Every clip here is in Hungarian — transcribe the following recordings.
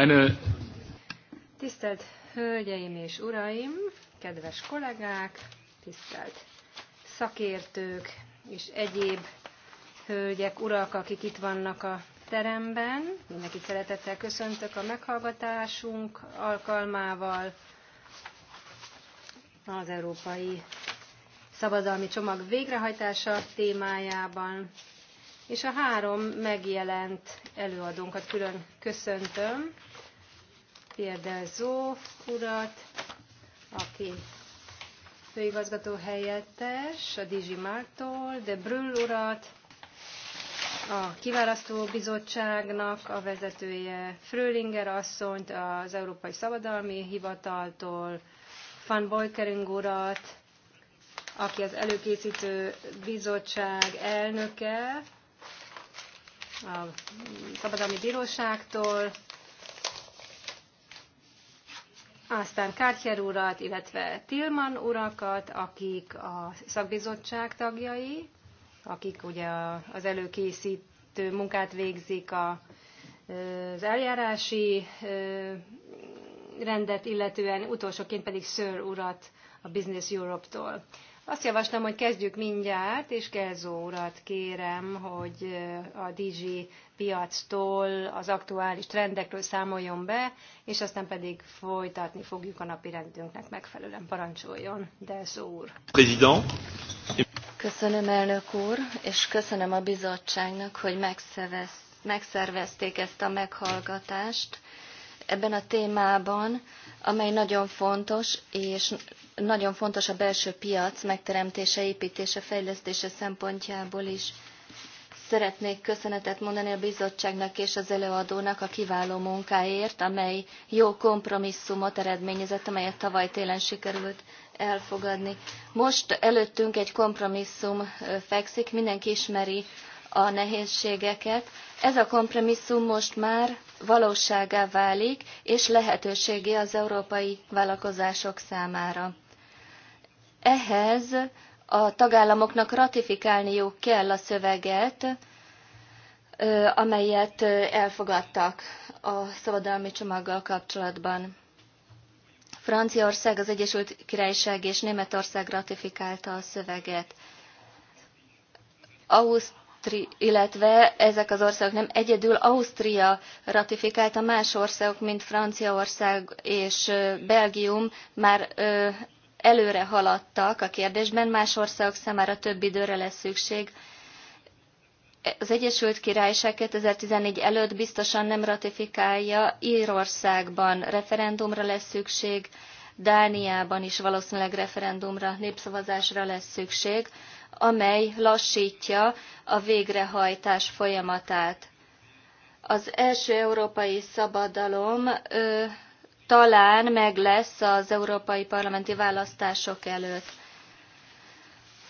eine... Tisztelt Hölgyeim és Uraim, kedves kollégák, tisztelt szakértők és egyéb hölgyek, urak, akik itt vannak a teremben. Mindenkit szeretettel köszöntök a meghallgatásunk alkalmával az Európai Szabadalmi Csomag végrehajtása témájában. És a három megjelent előadónkat külön köszöntöm. Pierre Delzó urat, aki főigazgató helyettes, a Dizsi Mártól, de Brüll urat, a kiválasztó bizottságnak a vezetője Frölinger asszonyt az Európai Szabadalmi Hivataltól, Van Boykering urat, aki az előkészítő bizottság elnöke a Szabadalmi Bíróságtól, aztán Kártyer urat, illetve Tilman urakat, akik a szakbizottság tagjai, akik ugye az előkészítő munkát végzik a, az eljárási rendet, illetően utolsóként pedig Sir urat a Business Europe-tól. Azt javaslom, hogy kezdjük mindjárt, és Kelzó urat kérem, hogy eh, a Digi piactól az aktuális trendekről számoljon be, és aztán pedig folytatni fogjuk a napi rendünknek megfelelően. Parancsoljon, Delzó úr. Köszönöm, elnök úr, és köszönöm a bizottságnak, hogy megszervezték ezt a meghallgatást ebben a témában, amely nagyon fontos, és nagyon fontos a belső piac megteremtése, építése, fejlesztése szempontjából is. Szeretnék köszönetet mondani a bizottságnak és az előadónak a kiváló munkáért, amely jó kompromisszumot eredményezett, amelyet tavaly télen sikerült elfogadni. Most előttünk egy kompromisszum fekszik, mindenki ismeri a nehézségeket. Ez a kompromisszum most már valóságá válik, és lehetőségé az európai vállalkozások számára. Ehhez a tagállamoknak ratifikálniuk kell a szöveget, amelyet elfogadtak a szabadalmi csomaggal kapcsolatban. Franciaország, az Egyesült Királyság és Németország ratifikálta a szöveget. Ausztri, illetve ezek az országok nem egyedül Ausztria ratifikálta, más országok, mint Franciaország és Belgium már előre haladtak a kérdésben, más országok számára több időre lesz szükség. Az Egyesült Királyság 2014 előtt biztosan nem ratifikálja, Írországban referendumra lesz szükség, Dániában is valószínűleg referendumra, népszavazásra lesz szükség, amely lassítja a végrehajtás folyamatát. Az első európai szabadalom ö, talán meg lesz az európai parlamenti választások előtt.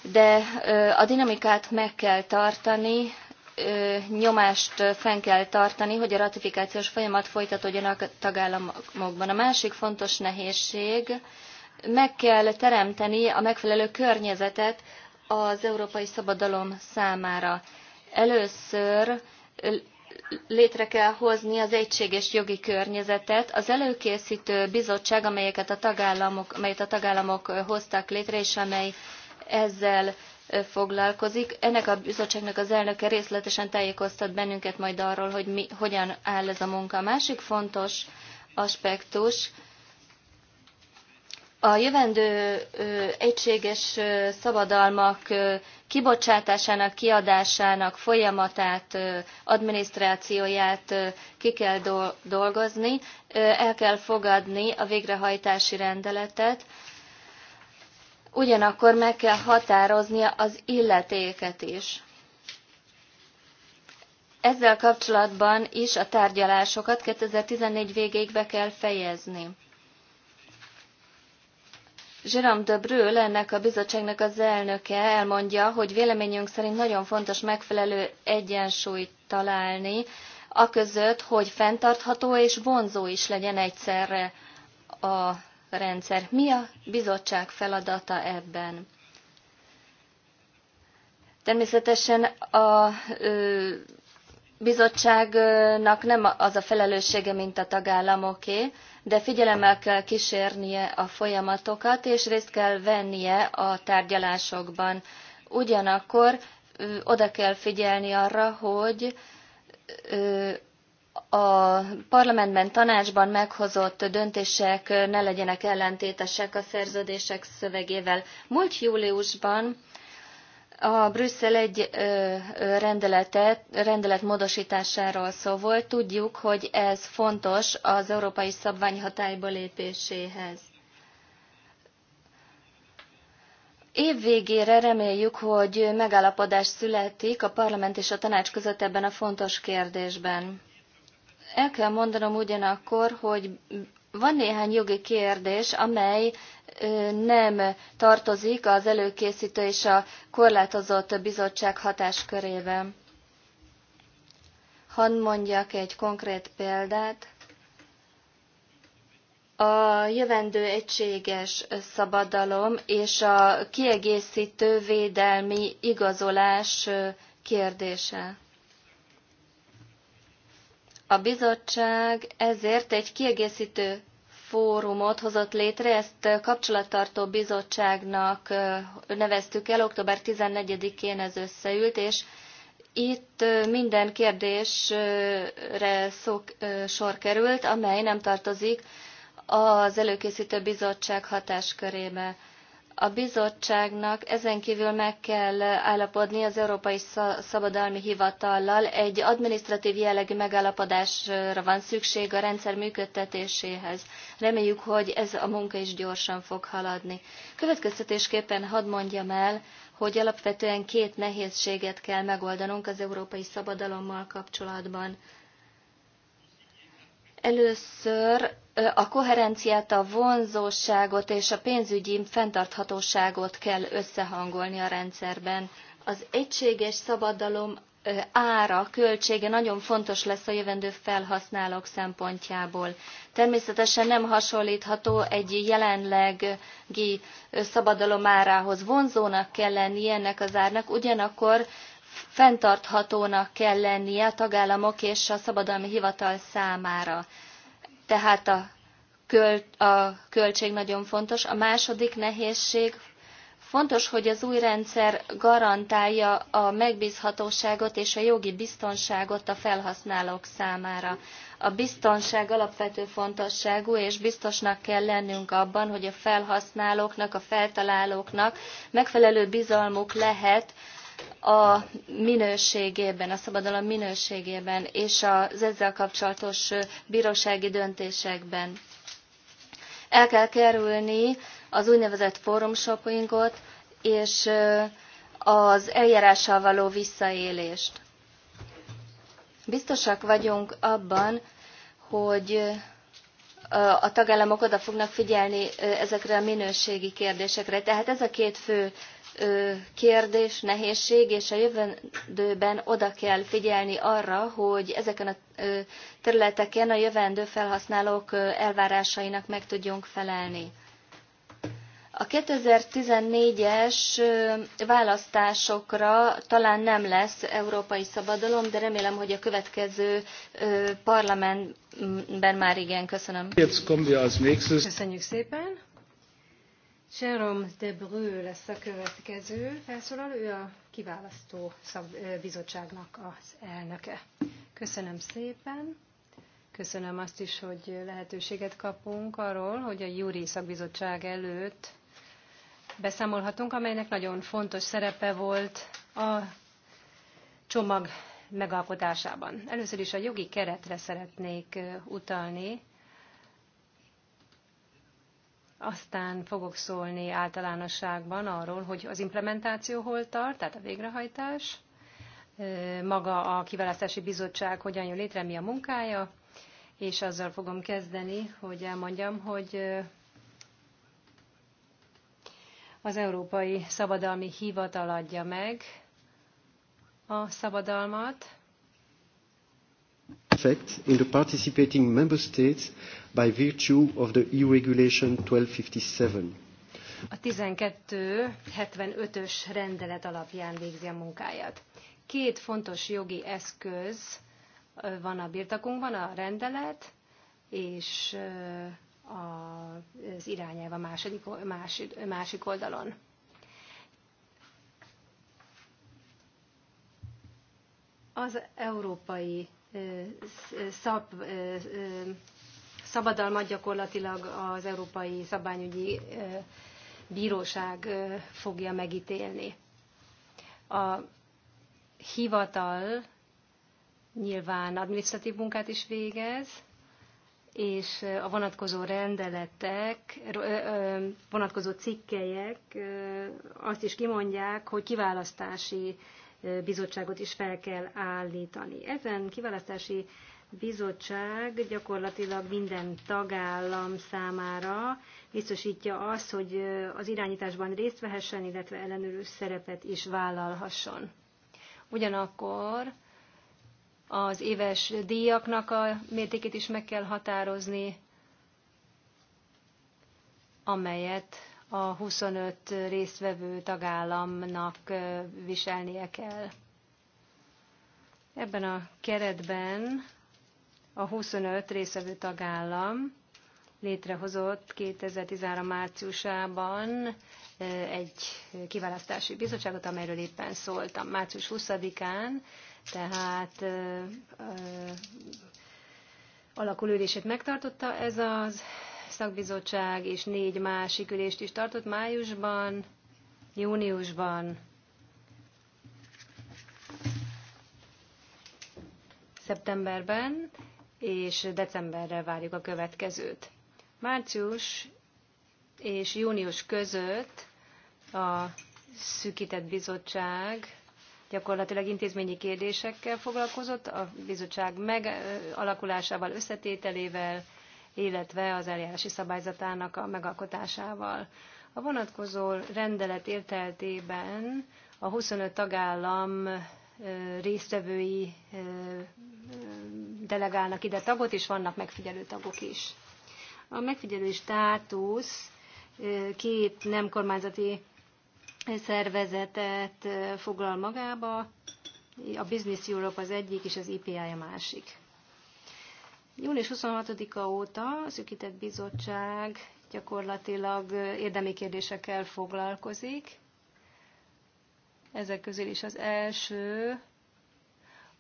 De a dinamikát meg kell tartani, nyomást fenn kell tartani, hogy a ratifikációs folyamat folytatódjon a tagállamokban. A másik fontos nehézség, meg kell teremteni a megfelelő környezetet az európai szabadalom számára. Először létre kell hozni az egységes jogi környezetet. Az előkészítő bizottság, amelyeket a tagállamok, amelyet a tagállamok hoztak létre, és amely ezzel foglalkozik. Ennek a bizottságnak az elnöke részletesen tájékoztat bennünket majd arról, hogy mi, hogyan áll ez a munka. A másik fontos aspektus, a jövendő egységes szabadalmak kibocsátásának, kiadásának folyamatát, adminisztrációját ki kell dolgozni, el kell fogadni a végrehajtási rendeletet, ugyanakkor meg kell határoznia az illetéket is. Ezzel kapcsolatban is a tárgyalásokat 2014 végéig be kell fejezni. Jérôme de Brühl, ennek a bizottságnak az elnöke elmondja, hogy véleményünk szerint nagyon fontos megfelelő egyensúlyt találni, aközött, hogy fenntartható és vonzó is legyen egyszerre a rendszer. Mi a bizottság feladata ebben? Természetesen a ö, bizottságnak nem az a felelőssége, mint a tagállamoké, de figyelemmel kell kísérnie a folyamatokat, és részt kell vennie a tárgyalásokban. Ugyanakkor oda kell figyelni arra, hogy a parlamentben, tanácsban meghozott döntések ne legyenek ellentétesek a szerződések szövegével. Múlt júliusban a Brüsszel egy rendeletet, rendelet módosításáról szó volt. Tudjuk, hogy ez fontos az európai szabvány hatályba lépéséhez. Év végére reméljük, hogy megállapodás születik a parlament és a tanács között ebben a fontos kérdésben. El kell mondanom ugyanakkor, hogy van néhány jogi kérdés, amely nem tartozik az előkészítő és a korlátozott bizottság hatáskörébe. Hadd mondjak egy konkrét példát. A jövendő egységes szabadalom és a kiegészítő védelmi igazolás kérdése. A bizottság ezért egy kiegészítő fórumot hozott létre, ezt kapcsolattartó bizottságnak neveztük el, október 14-én ez összeült, és itt minden kérdésre szok, sor került, amely nem tartozik az előkészítő bizottság hatáskörébe a bizottságnak ezen kívül meg kell állapodni az Európai Szabadalmi Hivatallal. Egy adminisztratív jellegű megállapodásra van szükség a rendszer működtetéséhez. Reméljük, hogy ez a munka is gyorsan fog haladni. Következtetésképpen hadd mondjam el, hogy alapvetően két nehézséget kell megoldanunk az európai szabadalommal kapcsolatban. Először a koherenciát, a vonzóságot és a pénzügyi fenntarthatóságot kell összehangolni a rendszerben. Az egységes szabadalom ára, költsége nagyon fontos lesz a jövendő felhasználók szempontjából. Természetesen nem hasonlítható egy jelenlegi szabadalom árához. Vonzónak kell lennie ennek az árnak, ugyanakkor fenntarthatónak kell lennie a tagállamok és a szabadalmi hivatal számára tehát a, költ, a költség nagyon fontos. A második nehézség Fontos, hogy az új rendszer garantálja a megbízhatóságot és a jogi biztonságot a felhasználók számára. A biztonság alapvető fontosságú, és biztosnak kell lennünk abban, hogy a felhasználóknak, a feltalálóknak megfelelő bizalmuk lehet a minőségében, a szabadalom minőségében és az ezzel kapcsolatos bírósági döntésekben. El kell kerülni az úgynevezett forum shoppingot és az eljárással való visszaélést. Biztosak vagyunk abban, hogy a tagállamok oda fognak figyelni ezekre a minőségi kérdésekre. Tehát ez a két fő kérdés, nehézség, és a jövendőben oda kell figyelni arra, hogy ezeken a területeken a jövendő felhasználók elvárásainak meg tudjunk felelni. A 2014-es választásokra talán nem lesz európai szabadalom, de remélem, hogy a következő parlamentben már igen. Köszönöm. Köszönjük szépen. Jérôme de Breu lesz a következő felszólaló, ő a kiválasztó bizottságnak az elnöke. Köszönöm szépen. Köszönöm azt is, hogy lehetőséget kapunk arról, hogy a Júri Szakbizottság előtt beszámolhatunk, amelynek nagyon fontos szerepe volt a csomag megalkotásában. Először is a jogi keretre szeretnék utalni, aztán fogok szólni általánosságban arról, hogy az implementáció hol tart, tehát a végrehajtás, maga a kiválasztási bizottság hogyan jön létre, mi a munkája, és azzal fogom kezdeni, hogy elmondjam, hogy az Európai Szabadalmi Hivatal adja meg a szabadalmat, effect in the participating member states by virtue of the EU Regulation 1257. A 1275-ös rendelet alapján végzi a munkáját. Két fontos jogi eszköz van a birtokunkban, a rendelet és az irányelv a második, másik, másik oldalon. Az Európai szab, szabadalmat gyakorlatilag az Európai Szabványügyi Bíróság fogja megítélni. A hivatal nyilván administratív munkát is végez, és a vonatkozó rendeletek, vonatkozó cikkelyek azt is kimondják, hogy kiválasztási bizottságot is fel kell állítani. Ezen kiválasztási bizottság gyakorlatilag minden tagállam számára biztosítja azt, hogy az irányításban részt vehessen, illetve ellenőrző szerepet is vállalhasson. Ugyanakkor az éves díjaknak a mértékét is meg kell határozni, amelyet a 25 résztvevő tagállamnak viselnie kell. Ebben a keretben a 25 részvevő tagállam létrehozott 2013 márciusában egy kiválasztási bizottságot, amelyről éppen szóltam. Március 20-án, tehát alakulődését megtartotta ez az szakbizottság és négy másik ülést is tartott májusban, júniusban, szeptemberben, és decemberre várjuk a következőt. Március és június között a szűkített bizottság gyakorlatilag intézményi kérdésekkel foglalkozott, a bizottság megalakulásával, összetételével, illetve az eljárási szabályzatának a megalkotásával. A vonatkozó rendelet érteltében a 25 tagállam résztvevői delegálnak ide tagot, és vannak megfigyelő tagok is. A megfigyelő státusz két nem kormányzati szervezetet foglal magába, a Business Europe az egyik, és az IPI a másik. Június 26-a óta a szükített bizottság gyakorlatilag érdemi kérdésekkel foglalkozik. Ezek közül is az első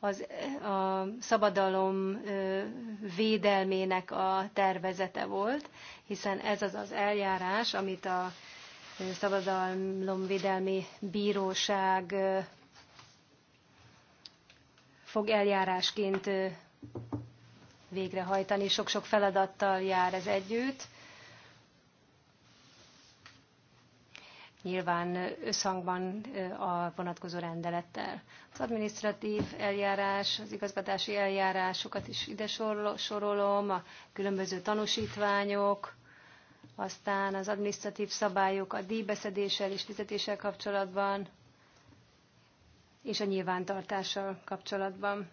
az, a szabadalom védelmének a tervezete volt, hiszen ez az az eljárás, amit a Szabadalomvédelmi Bíróság fog eljárásként végrehajtani. Sok-sok feladattal jár ez együtt. Nyilván összhangban a vonatkozó rendelettel. Az adminisztratív eljárás, az igazgatási eljárásokat is ide sorolom, a különböző tanúsítványok, aztán az adminisztratív szabályok a díjbeszedéssel és fizetéssel kapcsolatban, és a nyilvántartással kapcsolatban.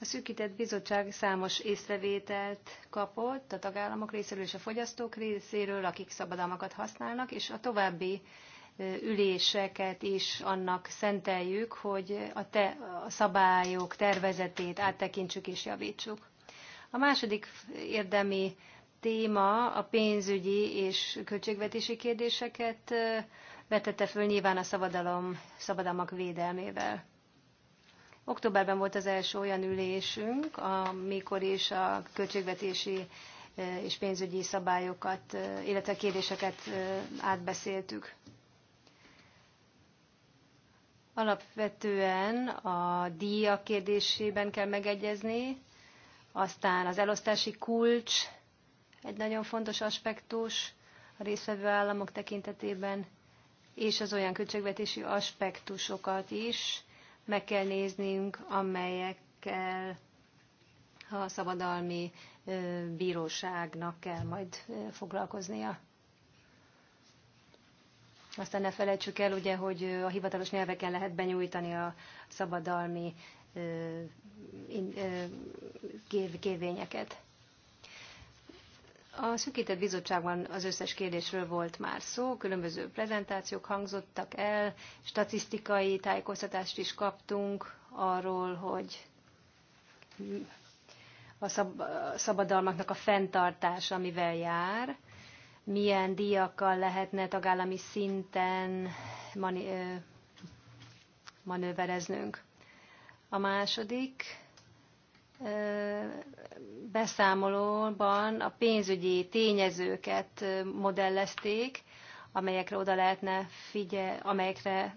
A szűkített bizottság számos észrevételt kapott a tagállamok részéről és a fogyasztók részéről, akik szabadalmakat használnak, és a további üléseket is annak szenteljük, hogy a, te, a szabályok tervezetét áttekintsük és javítsuk. A második érdemi téma a pénzügyi és költségvetési kérdéseket vetette föl nyilván a szabadalom, szabadalmak védelmével. Októberben volt az első olyan ülésünk, amikor is a költségvetési és pénzügyi szabályokat, illetve kérdéseket átbeszéltük. Alapvetően a díjak kérdésében kell megegyezni, aztán az elosztási kulcs egy nagyon fontos aspektus a részvevő államok tekintetében, és az olyan költségvetési aspektusokat is, meg kell néznünk, amelyekkel a szabadalmi bíróságnak kell majd foglalkoznia. Aztán ne felejtsük el, ugye, hogy a hivatalos nyelveken lehet benyújtani a szabadalmi kérvényeket. A szűkített bizottságban az összes kérdésről volt már szó, különböző prezentációk hangzottak el, statisztikai tájékoztatást is kaptunk arról, hogy a szab szabadalmaknak a fenntartása, amivel jár, milyen díjakkal lehetne tagállami szinten manővereznünk. A második beszámolóban a pénzügyi tényezőket modellezték, amelyekre oda lehetne figye, amelyekre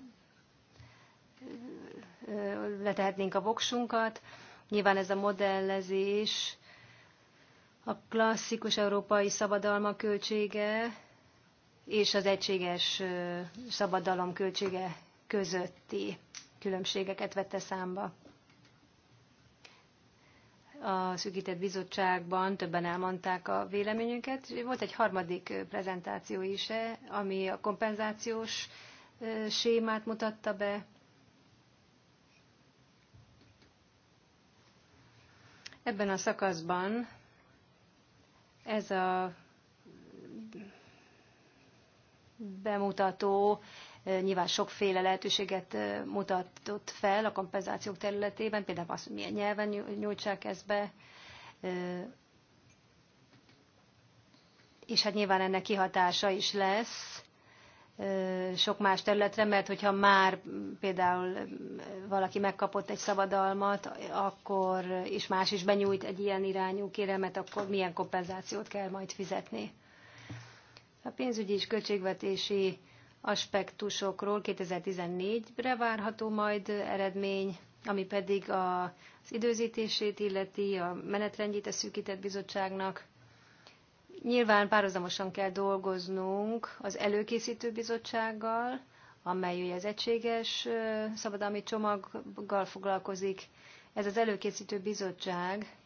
letehetnénk a voksunkat. Nyilván ez a modellezés a klasszikus európai szabadalma költsége és az egységes szabadalom költsége közötti különbségeket vette számba a szűkített bizottságban többen elmondták a véleményünket. Volt egy harmadik prezentáció is, eh, ami a kompenzációs sémát mutatta be. Ebben a szakaszban ez a bemutató nyilván sokféle lehetőséget mutatott fel a kompenzációk területében, például azt, hogy milyen nyelven nyújtsák ezt be, és hát nyilván ennek kihatása is lesz sok más területre, mert hogyha már például valaki megkapott egy szabadalmat, akkor és más is benyújt egy ilyen irányú kérelmet, akkor milyen kompenzációt kell majd fizetni. A pénzügyi és költségvetési aspektusokról 2014-re várható majd eredmény, ami pedig az időzítését illeti a menetrendjét a szűkített bizottságnak. Nyilván párhuzamosan kell dolgoznunk az előkészítő bizottsággal, amely az egységes szabadalmi csomaggal foglalkozik. Ez az előkészítő bizottság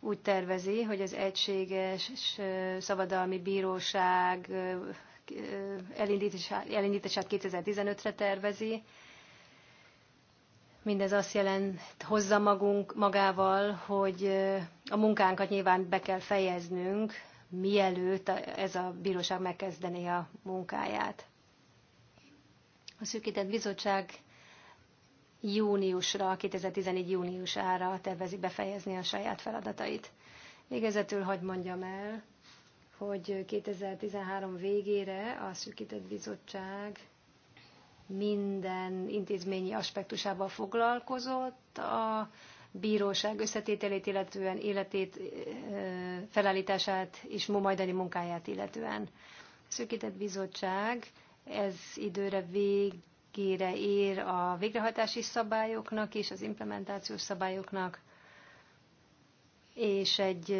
úgy tervezi, hogy az egységes szabadalmi bíróság elindítását 2015-re tervezi. Mindez azt jelent, hozza magunk magával, hogy a munkánkat nyilván be kell fejeznünk, mielőtt ez a bíróság megkezdené a munkáját. A szűkített bizottság júniusra, 2014 júniusára tervezi befejezni a saját feladatait. Végezetül hagyd mondjam el, hogy 2013 végére a szűkített bizottság minden intézményi aspektusával foglalkozott a bíróság összetételét, illetően életét, felállítását és majdani munkáját illetően. A szűkített bizottság ez időre végére ér a végrehajtási szabályoknak és az implementációs szabályoknak, és egy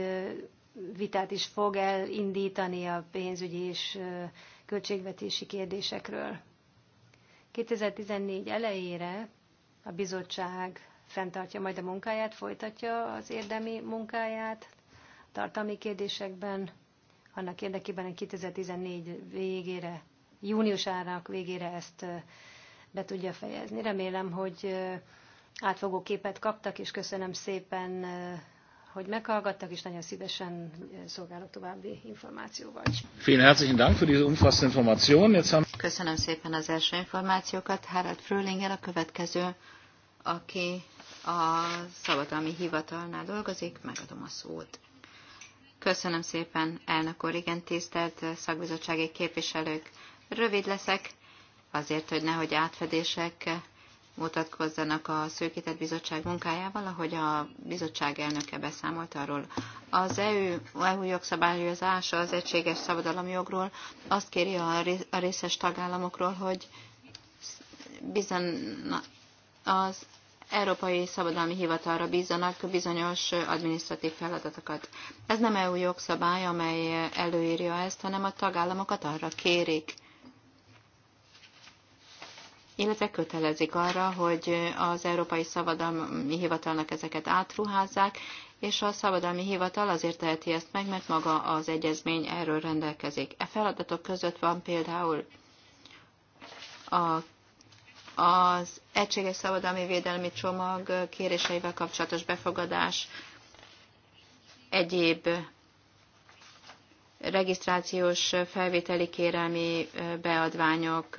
vitát is fog elindítani a pénzügyi és költségvetési kérdésekről. 2014 elejére a bizottság fenntartja majd a munkáját, folytatja az érdemi munkáját tartalmi kérdésekben, annak érdekében, hogy 2014 végére, júniusának végére ezt be tudja fejezni. Remélem, hogy átfogó képet kaptak, és köszönöm szépen hogy meghallgattak, és nagyon szívesen szolgálok további információval. Vielen herzlichen Dank für diese umfassende Information. Jetzt haben... Köszönöm szépen az első információkat. Harald Fröhlinger a következő, aki a szabadalmi hivatalnál dolgozik, megadom a szót. Köszönöm szépen, elnök úr, igen, tisztelt szakbizottsági képviselők. Rövid leszek, azért, hogy nehogy átfedések mutatkozzanak a Szőkített Bizottság munkájával, ahogy a bizottság elnöke beszámolt arról. Az EU, EU jogszabályozása az egységes szabadalomjogról azt kéri a részes tagállamokról, hogy bizony az Európai Szabadalmi Hivatalra bízanak bizonyos adminisztratív feladatokat. Ez nem EU jogszabály, amely előírja ezt, hanem a tagállamokat arra kérik, illetve kötelezik arra, hogy az Európai Szabadalmi Hivatalnak ezeket átruházzák, és a szabadalmi hivatal azért teheti ezt meg, mert maga az egyezmény erről rendelkezik. E feladatok között van például a, az egységes szabadalmi védelmi csomag kéréseivel kapcsolatos befogadás, egyéb regisztrációs felvételi kérelmi beadványok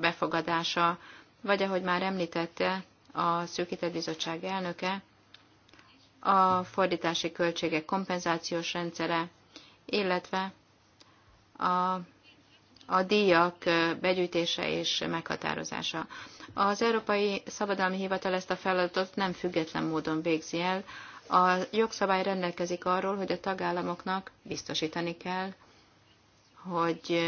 befogadása, vagy ahogy már említette a Szűkített Bizottság elnöke, a fordítási költségek kompenzációs rendszere, illetve a, a díjak begyűjtése és meghatározása. Az Európai Szabadalmi Hivatal ezt a feladatot nem független módon végzi el, a jogszabály rendelkezik arról, hogy a tagállamoknak biztosítani kell, hogy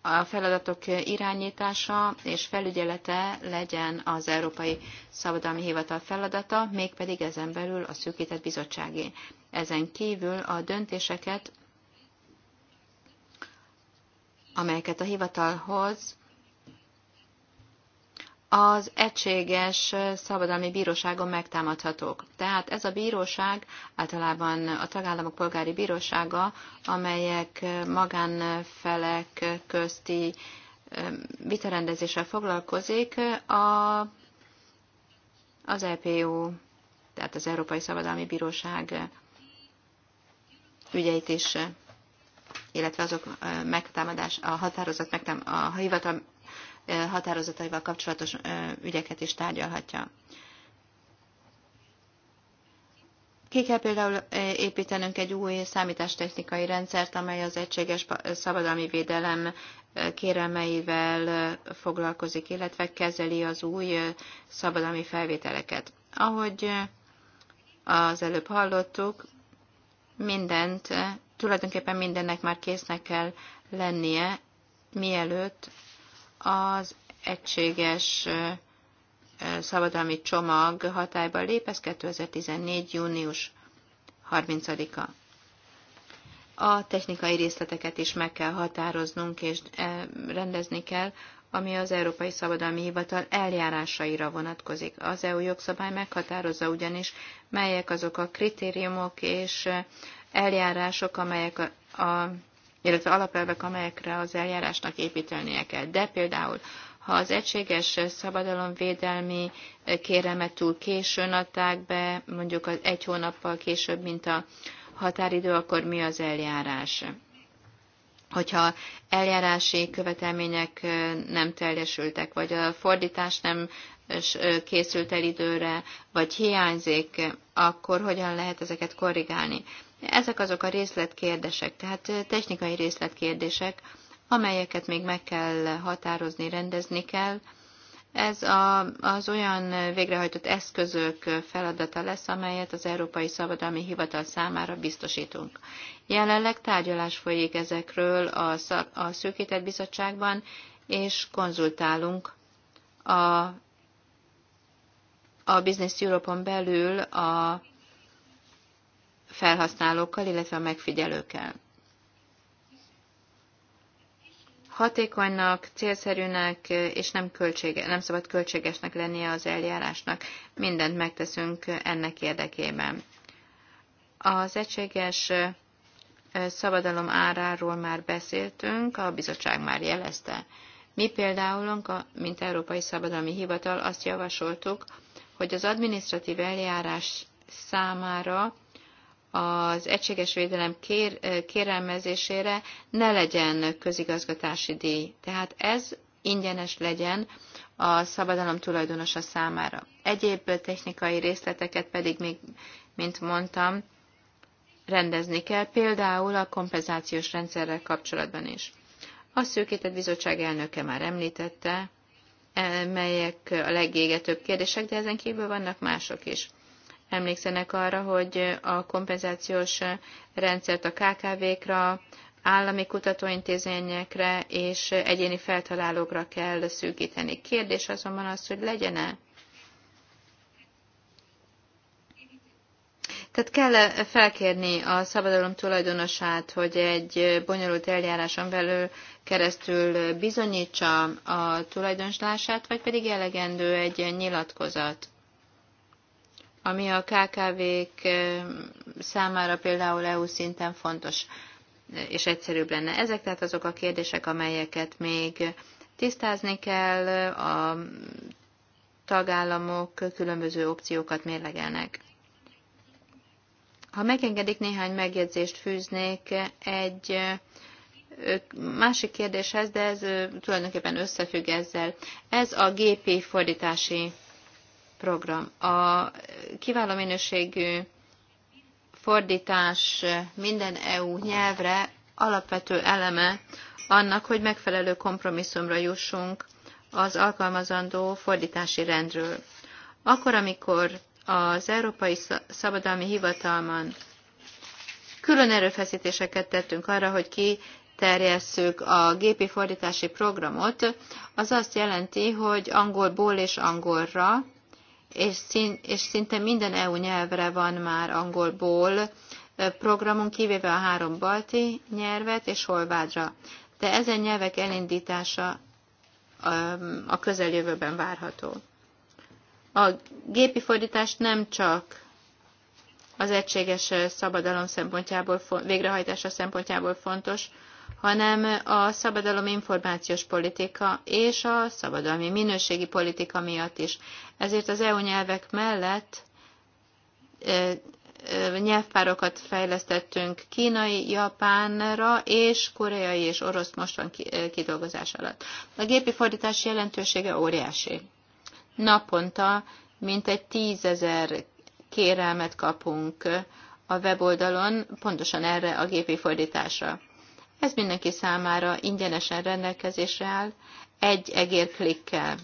a feladatok irányítása és felügyelete legyen az Európai Szabadalmi Hivatal feladata, mégpedig ezen belül a szűkített bizottságé. Ezen kívül a döntéseket, amelyeket a hivatal hoz, az egységes szabadalmi bíróságon megtámadhatók. Tehát ez a bíróság, általában a tagállamok polgári bírósága, amelyek magánfelek közti vitarendezéssel foglalkozik, a, az EPO, tehát az Európai Szabadalmi Bíróság ügyeit is illetve azok megtámadás, a határozat megtámadás, a hivatal határozataival kapcsolatos ügyeket is tárgyalhatja. Ki kell például építenünk egy új számítástechnikai rendszert, amely az egységes szabadalmi védelem kérelmeivel foglalkozik, illetve kezeli az új szabadalmi felvételeket. Ahogy az előbb hallottuk, mindent, tulajdonképpen mindennek már késznek kell lennie, mielőtt az egységes szabadalmi csomag hatályba lép, ez 2014. június 30-a. A technikai részleteket is meg kell határoznunk és rendezni kell, ami az Európai Szabadalmi Hivatal eljárásaira vonatkozik. Az EU jogszabály meghatározza ugyanis, melyek azok a kritériumok és eljárások, amelyek a, a illetve alapelvek, amelyekre az eljárásnak építelnie kell. De például, ha az egységes szabadalomvédelmi kéremet túl későn adták be, mondjuk az egy hónappal később, mint a határidő, akkor mi az eljárás? hogyha eljárási követelmények nem teljesültek, vagy a fordítás nem készült el időre, vagy hiányzik, akkor hogyan lehet ezeket korrigálni. Ezek azok a részletkérdések, tehát technikai részletkérdések, amelyeket még meg kell határozni, rendezni kell. Ez a, az olyan végrehajtott eszközök feladata lesz, amelyet az Európai Szabadalmi Hivatal számára biztosítunk. Jelenleg tárgyalás folyik ezekről a, a szűkített bizottságban, és konzultálunk a, a Business Europe-on belül a felhasználókkal, illetve a megfigyelőkkel. Hatékonynak, célszerűnek és nem, költsége, nem szabad költségesnek lennie az eljárásnak. Mindent megteszünk ennek érdekében. Az egységes szabadalom áráról már beszéltünk, a bizottság már jelezte. Mi például, mint Európai Szabadalmi Hivatal azt javasoltuk, hogy az administratív eljárás számára az egységes védelem kér, kérelmezésére ne legyen közigazgatási díj. Tehát ez ingyenes legyen a szabadalom tulajdonosa számára. Egyéb technikai részleteket pedig még, mint mondtam, rendezni kell, például a kompenzációs rendszerrel kapcsolatban is. A szűkített bizottság elnöke már említette, e, melyek a legégetőbb kérdések, de ezen kívül vannak mások is. Emlékszenek arra, hogy a kompenzációs rendszert a KKV-kra, állami kutatóintézményekre és egyéni feltalálókra kell szűkíteni. Kérdés azonban az, hogy legyen-e Tehát kell felkérni a szabadalom tulajdonosát, hogy egy bonyolult eljáráson belül keresztül bizonyítsa a tulajdonslását, vagy pedig elegendő egy nyilatkozat ami a KKV-k számára például EU szinten fontos és egyszerűbb lenne. Ezek tehát azok a kérdések, amelyeket még tisztázni kell, a tagállamok különböző opciókat mérlegelnek. Ha megengedik, néhány megjegyzést fűznék egy másik kérdéshez, de ez tulajdonképpen összefügg ezzel. Ez a GP fordítási program. A kiváló minőségű fordítás minden EU nyelvre alapvető eleme annak, hogy megfelelő kompromisszumra jussunk az alkalmazandó fordítási rendről. Akkor, amikor az Európai Szabadalmi Hivatalman külön erőfeszítéseket tettünk arra, hogy ki terjesszük a gépi fordítási programot, az azt jelenti, hogy angolból és angolra és, szín, és szinte minden EU nyelvre van már angolból programon, kivéve a három balti nyelvet és holvádra. De ezen nyelvek elindítása a közeljövőben várható. A gépi fordítás nem csak az egységes szabadalom szempontjából, végrehajtása szempontjából fontos, hanem a szabadalom információs politika és a szabadalmi minőségi politika miatt is. Ezért az EU nyelvek mellett nyelvpárokat fejlesztettünk kínai, japánra és koreai és orosz most van kidolgozás alatt. A gépi fordítás jelentősége óriási. Naponta mintegy tízezer kérelmet kapunk a weboldalon pontosan erre a gépi fordításra. Ez mindenki számára ingyenesen rendelkezésre áll, egy egér klikkel.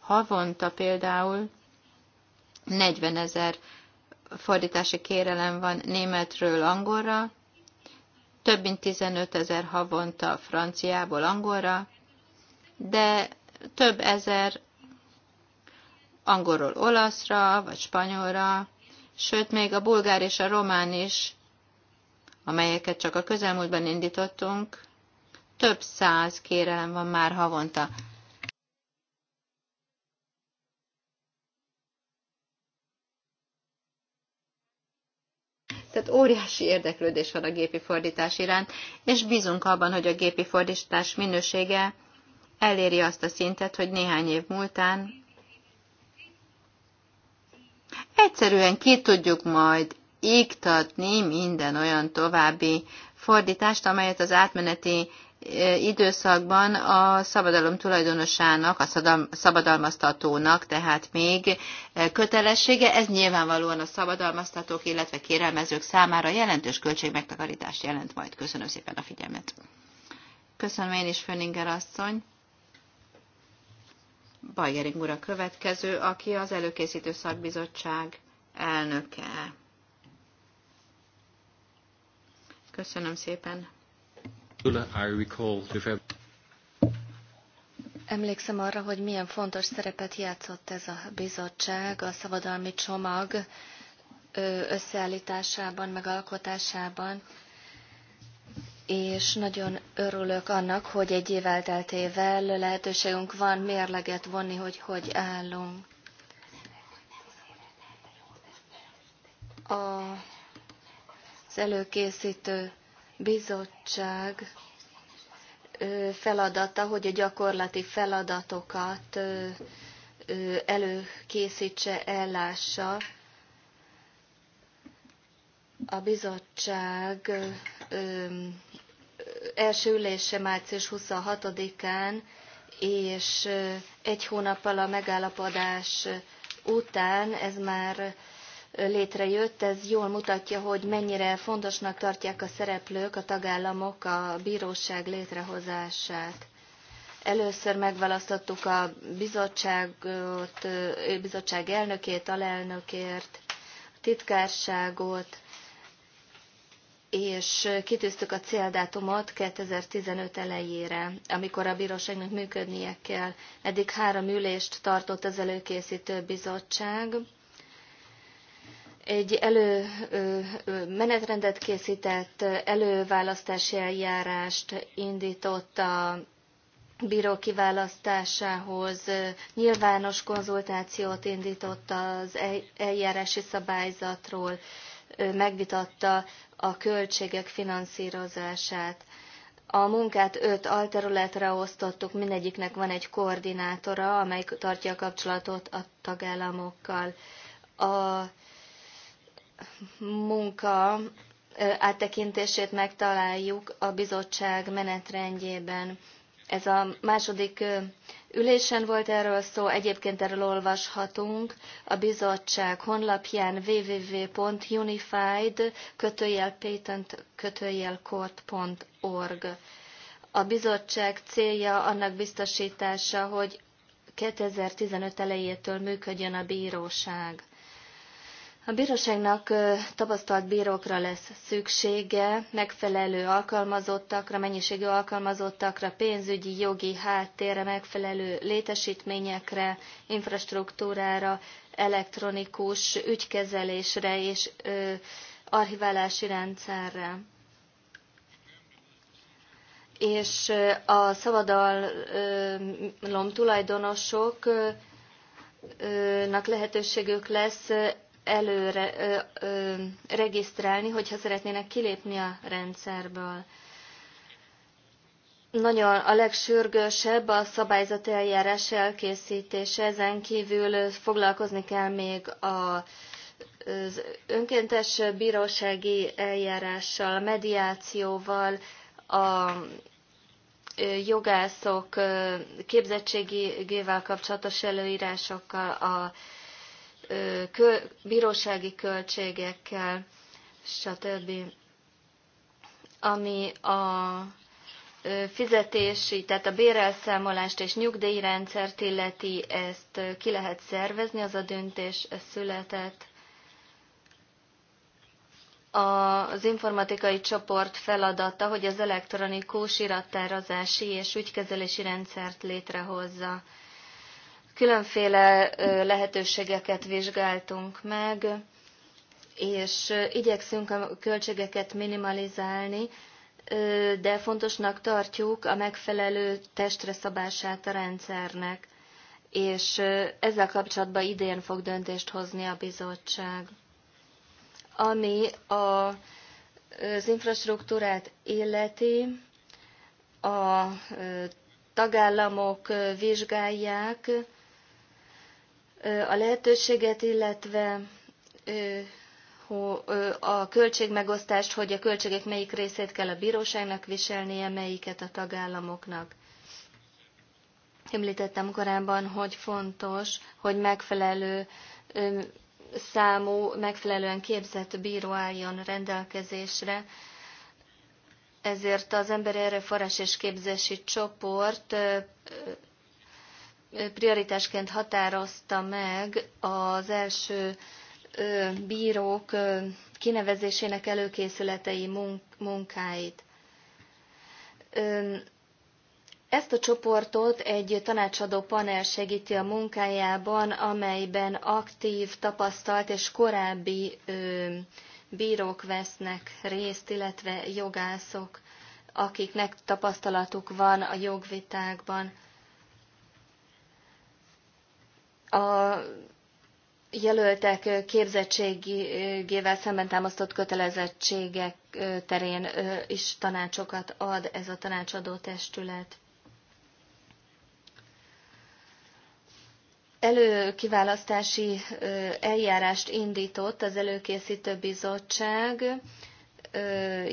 Havonta például 40 ezer fordítási kérelem van németről angolra, több mint 15 ezer havonta franciából angolra, de több ezer angolról olaszra, vagy spanyolra, sőt még a bulgár és a román is amelyeket csak a közelmúltban indítottunk, több száz kérelem van már havonta. Tehát óriási érdeklődés van a gépi fordítás iránt, és bízunk abban, hogy a gépi fordítás minősége eléri azt a szintet, hogy néhány év múltán egyszerűen ki tudjuk majd iktatni minden olyan további fordítást, amelyet az átmeneti e, időszakban a szabadalom tulajdonosának, a szabadalmaztatónak, tehát még e, kötelessége, ez nyilvánvalóan a szabadalmaztatók, illetve kérelmezők számára jelentős költségmegtakarítást jelent majd. Köszönöm szépen a figyelmet. Köszönöm én is, Föninger asszony. Bajering úr a következő, aki az előkészítő szakbizottság elnöke. Köszönöm szépen. Emlékszem arra, hogy milyen fontos szerepet játszott ez a bizottság a szabadalmi csomag összeállításában, megalkotásában, és nagyon örülök annak, hogy egy év elteltével lehetőségünk van mérleget vonni, hogy hogy állunk. A előkészítő bizottság feladata, hogy a gyakorlati feladatokat előkészítse, ellássa. A bizottság első ülése március 26-án, és egy hónappal a megállapodás után ez már létrejött, ez jól mutatja, hogy mennyire fontosnak tartják a szereplők, a tagállamok a bíróság létrehozását. Először megválasztottuk a bizottságot, bizottság elnökét, alelnökért, a titkárságot, és kitűztük a céldátumot 2015 elejére, amikor a bíróságnak működnie kell. Eddig három ülést tartott az előkészítő bizottság, egy elő menetrendet készített, előválasztási eljárást indított a bíró kiválasztásához, nyilvános konzultációt indított az eljárási szabályzatról, megvitatta a költségek finanszírozását. A munkát öt alterületre osztottuk, mindegyiknek van egy koordinátora, amely tartja a kapcsolatot a tagállamokkal. A munka áttekintését megtaláljuk a bizottság menetrendjében. Ez a második ülésen volt erről szó, egyébként erről olvashatunk a bizottság honlapján www.unified patent court.org. A bizottság célja annak biztosítása, hogy 2015 elejétől működjön a bíróság. A bíróságnak tapasztalt bírókra lesz szüksége, megfelelő alkalmazottakra, mennyiségű alkalmazottakra, pénzügyi, jogi háttérre, megfelelő létesítményekre, infrastruktúrára, elektronikus ügykezelésre és ö, archiválási rendszerre. És a szabadalom tulajdonosoknak lehetőségük lesz előre ö, ö, regisztrálni, hogyha szeretnének kilépni a rendszerből. Nagyon a legsürgősebb a szabályzati eljárás elkészítése, ezen kívül foglalkozni kell még a az önkéntes bírósági eljárással, mediációval, a jogászok képzettségével kapcsolatos előírásokkal, a bírósági költségekkel, stb. Ami a fizetési, tehát a bérelszámolást és nyugdíjrendszert illeti, ezt ki lehet szervezni, az a döntés született. Az informatikai csoport feladata, hogy az elektronikus irattározási és ügykezelési rendszert létrehozza. Különféle lehetőségeket vizsgáltunk meg, és igyekszünk a költségeket minimalizálni, de fontosnak tartjuk a megfelelő testre szabását a rendszernek, és ezzel kapcsolatban idén fog döntést hozni a bizottság. Ami a, az infrastruktúrát illeti, a tagállamok vizsgálják, a lehetőséget, illetve a költségmegosztást, hogy a költségek melyik részét kell a bíróságnak viselnie, melyiket a tagállamoknak. Említettem korábban, hogy fontos, hogy megfelelő számú, megfelelően képzett bíró álljon rendelkezésre, ezért az emberi erőforrás és képzési csoport prioritásként határozta meg az első bírók kinevezésének előkészületei munkáit. Ezt a csoportot egy tanácsadó panel segíti a munkájában, amelyben aktív, tapasztalt és korábbi bírók vesznek részt, illetve jogászok, akiknek tapasztalatuk van a jogvitákban a jelöltek képzettségével szemben támasztott kötelezettségek terén is tanácsokat ad ez a tanácsadó testület. Előkiválasztási eljárást indított az előkészítő bizottság,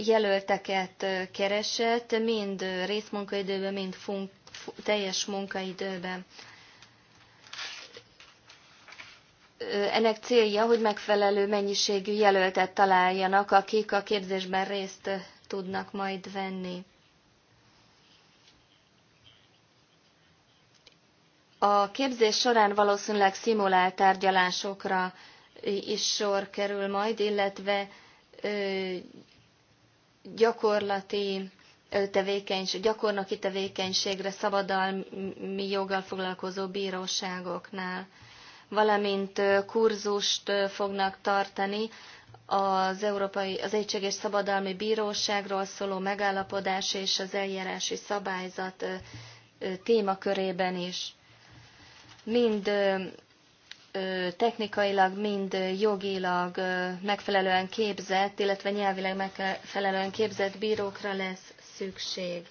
jelölteket keresett, mind részmunkaidőben, mind teljes munkaidőben ennek célja, hogy megfelelő mennyiségű jelöltet találjanak, akik a képzésben részt tudnak majd venni. A képzés során valószínűleg szimulált tárgyalásokra is sor kerül majd, illetve gyakorlati tevékenység, gyakornoki tevékenységre szabadalmi joggal foglalkozó bíróságoknál valamint kurzust fognak tartani az, Európai, az és Szabadalmi Bíróságról szóló megállapodás és az eljárási szabályzat témakörében is. Mind technikailag, mind jogilag megfelelően képzett, illetve nyelvileg megfelelően képzett bírókra lesz szükség.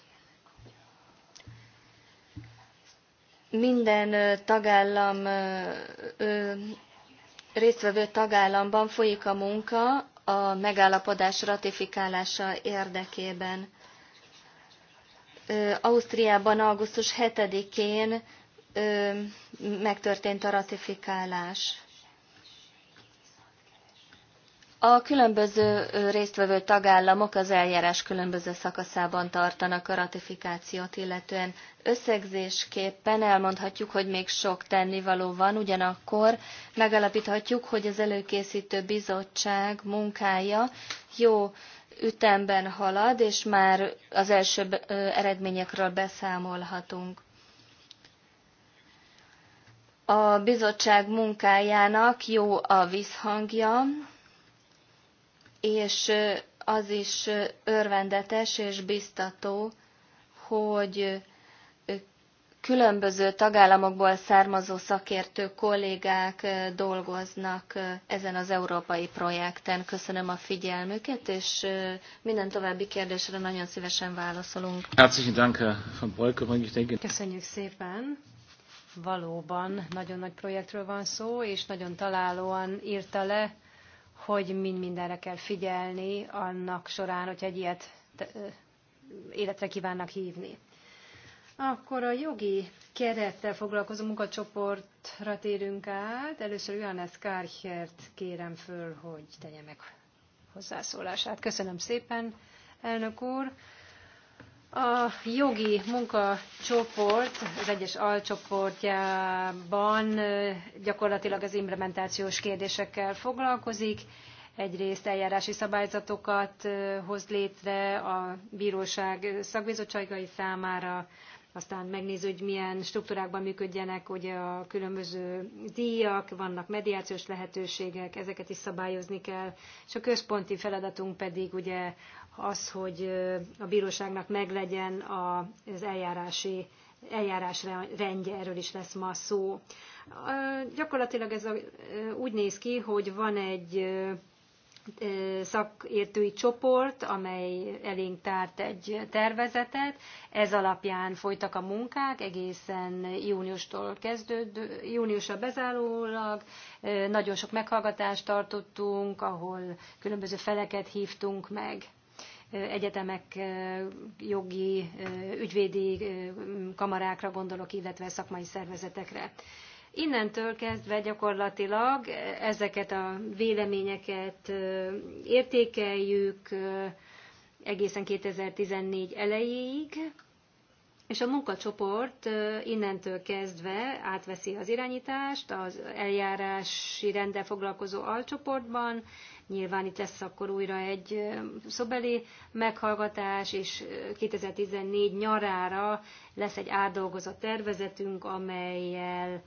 minden tagállam, résztvevő tagállamban folyik a munka a megállapodás ratifikálása érdekében. Ausztriában augusztus 7-én megtörtént a ratifikálás. A különböző résztvevő tagállamok az eljárás különböző szakaszában tartanak a ratifikációt, illetően összegzésképpen elmondhatjuk, hogy még sok tennivaló van, ugyanakkor megalapíthatjuk, hogy az előkészítő bizottság munkája jó ütemben halad, és már az első eredményekről beszámolhatunk a bizottság munkájának jó a visszhangja, és az is örvendetes és biztató, hogy különböző tagállamokból származó szakértő kollégák dolgoznak ezen az európai projekten. Köszönöm a figyelmüket, és minden további kérdésre nagyon szívesen válaszolunk. Köszönjük szépen! Valóban nagyon nagy projektről van szó, és nagyon találóan írta le hogy mind mindenre kell figyelni annak során, hogy egy ilyet életre kívánnak hívni. Akkor a jogi kerettel foglalkozó munkacsoportra térünk át. Először Johannes Kárhert kérem föl, hogy tegye meg hozzászólását. Köszönöm szépen, elnök úr. A jogi munkacsoport az egyes alcsoportjában gyakorlatilag az implementációs kérdésekkel foglalkozik. Egyrészt eljárási szabályzatokat hoz létre a bíróság szakbizottságai számára, aztán megnéz, hogy milyen struktúrákban működjenek ugye a különböző díjak, vannak mediációs lehetőségek, ezeket is szabályozni kell, és a központi feladatunk pedig ugye az, hogy a bíróságnak meglegyen az eljárási eljárás rendje, erről is lesz ma szó. Gyakorlatilag ez a, úgy néz ki, hogy van egy szakértői csoport, amely elénk tárt egy tervezetet. Ez alapján folytak a munkák, egészen júniustól kezdődő, júniusra bezárólag. Nagyon sok meghallgatást tartottunk, ahol különböző feleket hívtunk meg egyetemek, jogi, ügyvédi kamarákra gondolok, illetve szakmai szervezetekre. Innentől kezdve gyakorlatilag ezeket a véleményeket értékeljük egészen 2014 elejéig, és a munkacsoport innentől kezdve átveszi az irányítást az eljárási rendel foglalkozó alcsoportban, Nyilván itt lesz akkor újra egy szobeli meghallgatás, és 2014 nyarára lesz egy átdolgozott tervezetünk, amelyel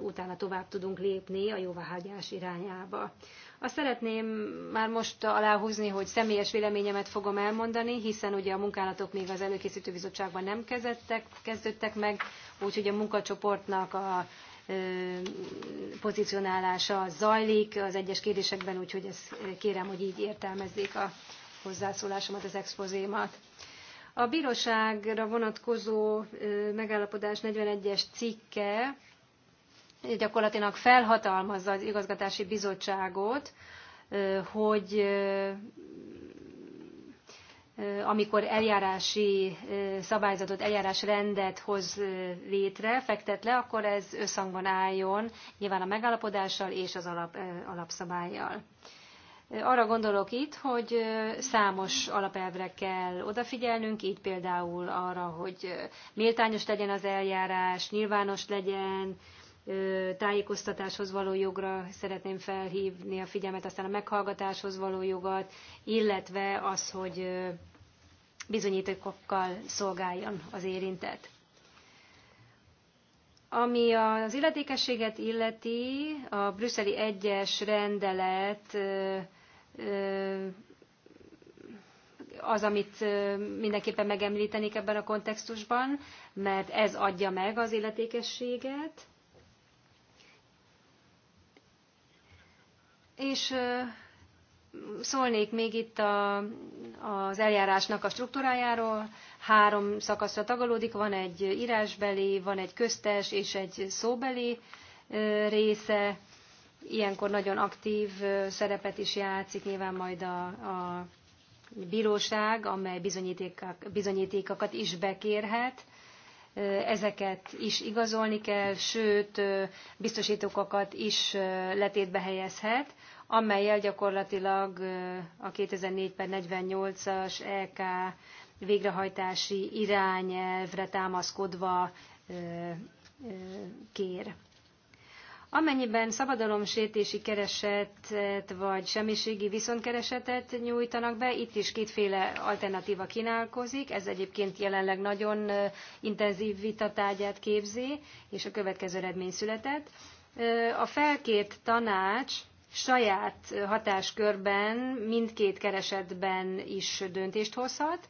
utána tovább tudunk lépni a jóváhagyás irányába. Azt szeretném már most aláhúzni, hogy személyes véleményemet fogom elmondani, hiszen ugye a munkálatok még az előkészítő bizottságban nem kezdettek, kezdődtek meg, úgyhogy a munkacsoportnak a pozícionálása zajlik az egyes kérdésekben, úgyhogy ezt kérem, hogy így értelmezzék a hozzászólásomat, az expozémat. A bíróságra vonatkozó megállapodás 41-es cikke gyakorlatilag felhatalmazza az igazgatási bizottságot, hogy amikor eljárási szabályzatot, eljárásrendet hoz létre, fektet le, akkor ez összhangban álljon nyilván a megállapodással és az alap, alapszabályjal. Arra gondolok itt, hogy számos alapelvre kell odafigyelnünk, így például arra, hogy méltányos legyen az eljárás, nyilvános legyen, tájékoztatáshoz való jogra szeretném felhívni a figyelmet, aztán a meghallgatáshoz való jogat, illetve az, hogy bizonyítékokkal szolgáljon az érintett. Ami az illetékességet illeti, a brüsszeli egyes rendelet az, amit mindenképpen megemlítenék ebben a kontextusban, mert ez adja meg az illetékességet, És szólnék még itt a, az eljárásnak a struktúrájáról. Három szakaszra tagolódik, van egy írásbeli, van egy köztes és egy szóbeli része. Ilyenkor nagyon aktív szerepet is játszik nyilván majd a, a bíróság, amely bizonyítékak, bizonyítékakat is bekérhet. Ezeket is igazolni kell, sőt, biztosítókakat is letétbe helyezhet amelyel gyakorlatilag a 2004 48-as EK végrehajtási irányelvre támaszkodva kér. Amennyiben szabadalomsértési keresetet vagy semmiségi viszontkeresetet nyújtanak be, itt is kétféle alternatíva kínálkozik, ez egyébként jelenleg nagyon intenzív vitatágyát képzi, és a következő eredmény született. A felkért tanács saját hatáskörben mindkét keresetben is döntést hozhat,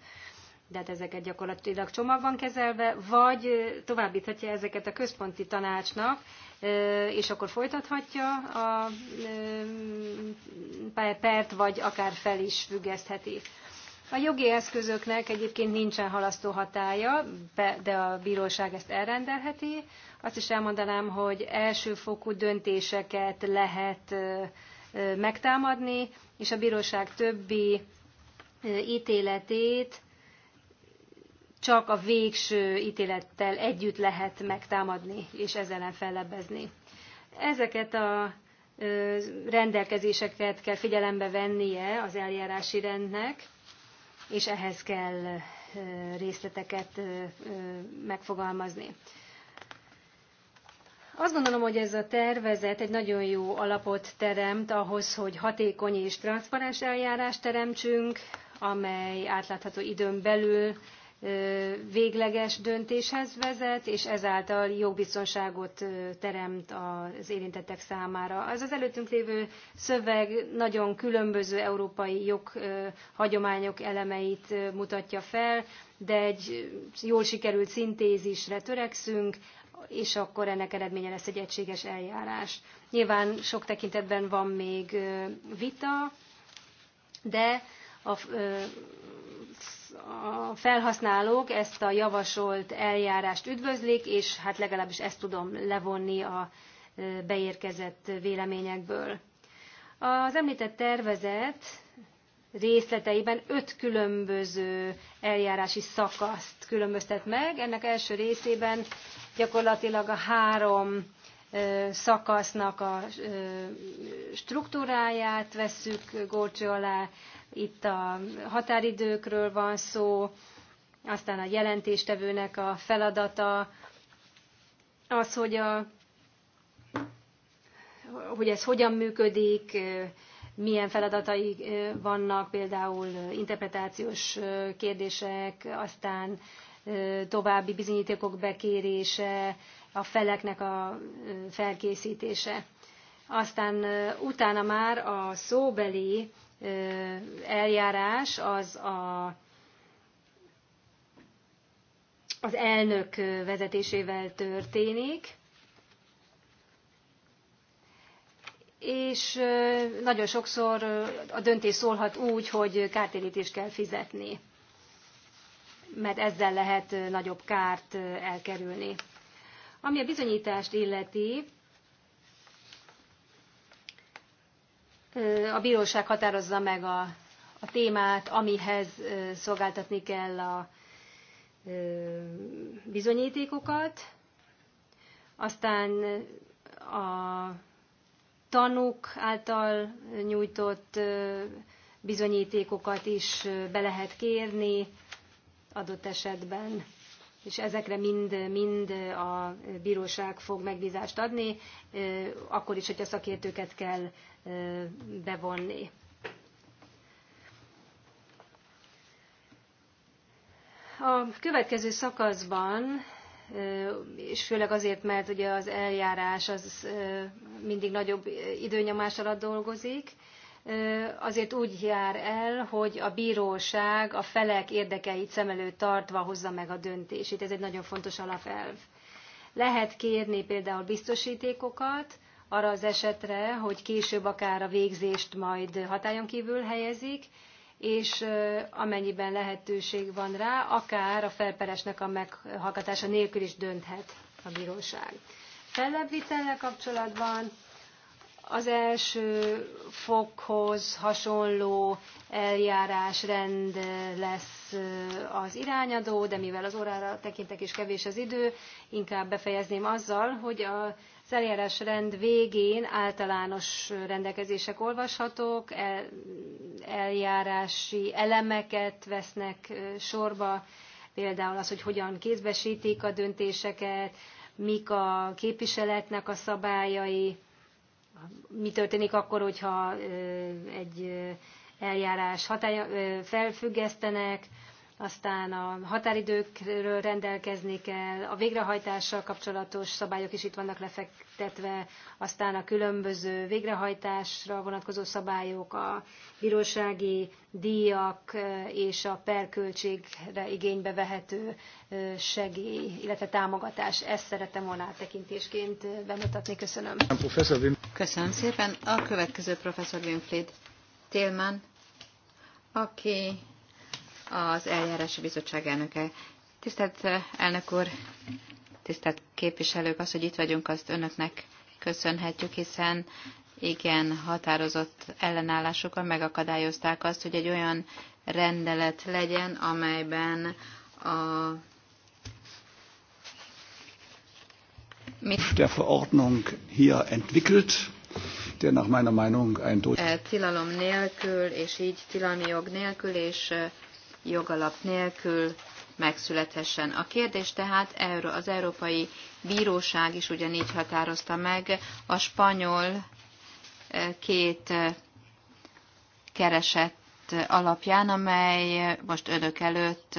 de hát ezeket gyakorlatilag csomagban kezelve, vagy továbbíthatja ezeket a központi tanácsnak, és akkor folytathatja a pert, vagy akár fel is függesztheti. A jogi eszközöknek egyébként nincsen halasztó hatája, de a bíróság ezt elrendelheti. Azt is elmondanám, hogy elsőfokú döntéseket lehet megtámadni, és a bíróság többi ítéletét csak a végső ítélettel együtt lehet megtámadni és ezzel ellen fellebbezni. Ezeket a rendelkezéseket kell figyelembe vennie az eljárási rendnek, és ehhez kell részleteket megfogalmazni. Azt gondolom, hogy ez a tervezet egy nagyon jó alapot teremt ahhoz, hogy hatékony és transzparens eljárást teremtsünk, amely átlátható időn belül végleges döntéshez vezet, és ezáltal jogbiztonságot teremt az érintettek számára. Az az előttünk lévő szöveg nagyon különböző európai joghagyományok elemeit mutatja fel, de egy jól sikerült szintézisre törekszünk, és akkor ennek eredménye lesz egy egységes eljárás. Nyilván sok tekintetben van még vita, de a a felhasználók ezt a javasolt eljárást üdvözlik, és hát legalábbis ezt tudom levonni a beérkezett véleményekből. Az említett tervezet részleteiben öt különböző eljárási szakaszt különböztet meg. Ennek első részében gyakorlatilag a három szakasznak a struktúráját vesszük górcső alá, itt a határidőkről van szó, aztán a jelentéstevőnek a feladata, az, hogy, a, hogy ez hogyan működik, milyen feladatai vannak, például interpretációs kérdések, aztán további bizonyítékok bekérése, a feleknek a felkészítése. Aztán utána már a szóbeli eljárás az a az elnök vezetésével történik, és nagyon sokszor a döntés szólhat úgy, hogy kártérítést kell fizetni, mert ezzel lehet nagyobb kárt elkerülni. Ami a bizonyítást illeti, a bíróság határozza meg a, a témát, amihez szolgáltatni kell a bizonyítékokat, aztán a tanúk által nyújtott bizonyítékokat is be lehet kérni adott esetben, és ezekre mind, mind a bíróság fog megbízást adni, akkor is, hogyha szakértőket kell bevonni. A következő szakaszban, és főleg azért, mert ugye az eljárás az mindig nagyobb időnyomás alatt dolgozik, azért úgy jár el, hogy a bíróság a felek érdekeit szem előtt tartva hozza meg a döntését. Ez egy nagyon fontos alapelv. Lehet kérni például biztosítékokat, arra az esetre, hogy később akár a végzést majd hatályon kívül helyezik, és amennyiben lehetőség van rá, akár a felperesnek a meghallgatása nélkül is dönthet a bíróság. Fellebbvitellel kapcsolatban az első fokhoz hasonló eljárásrend lesz az irányadó, de mivel az órára tekintek is kevés az idő, inkább befejezném azzal, hogy a az eljárás rend végén általános rendelkezések olvashatók, e-, eljárási elemeket vesznek sorba, például az, hogy hogyan kézbesítik a döntéseket, mik a képviseletnek a szabályai, mi történik akkor, hogyha egy eljárás hatály, felfüggesztenek, aztán a határidőkről rendelkezni kell, a végrehajtással kapcsolatos szabályok is itt vannak lefektetve, aztán a különböző végrehajtásra vonatkozó szabályok, a bírósági díjak és a perköltségre igénybe vehető segély, illetve támogatás. Ezt szeretem volna tekintésként bemutatni. Köszönöm. Köszönöm szépen. A következő professzor Winfried. Tillman, aki az eljárási bizottság elnöke. Tisztelt eh, elnök úr, tisztelt képviselők, az, hogy itt vagyunk, azt önöknek köszönhetjük, hiszen igen határozott ellenállásokkal megakadályozták azt, hogy egy olyan rendelet legyen, amelyben a mit der Verordnung hier entwickelt der nach meiner Meinung ein eh, Tilalom nélkül, és így tilalmi jog nélkül, és eh, jogalap nélkül megszülethessen. A kérdés tehát az Európai Bíróság is ugyanígy határozta meg a spanyol eh, két keresett alapján, amely most önök előtt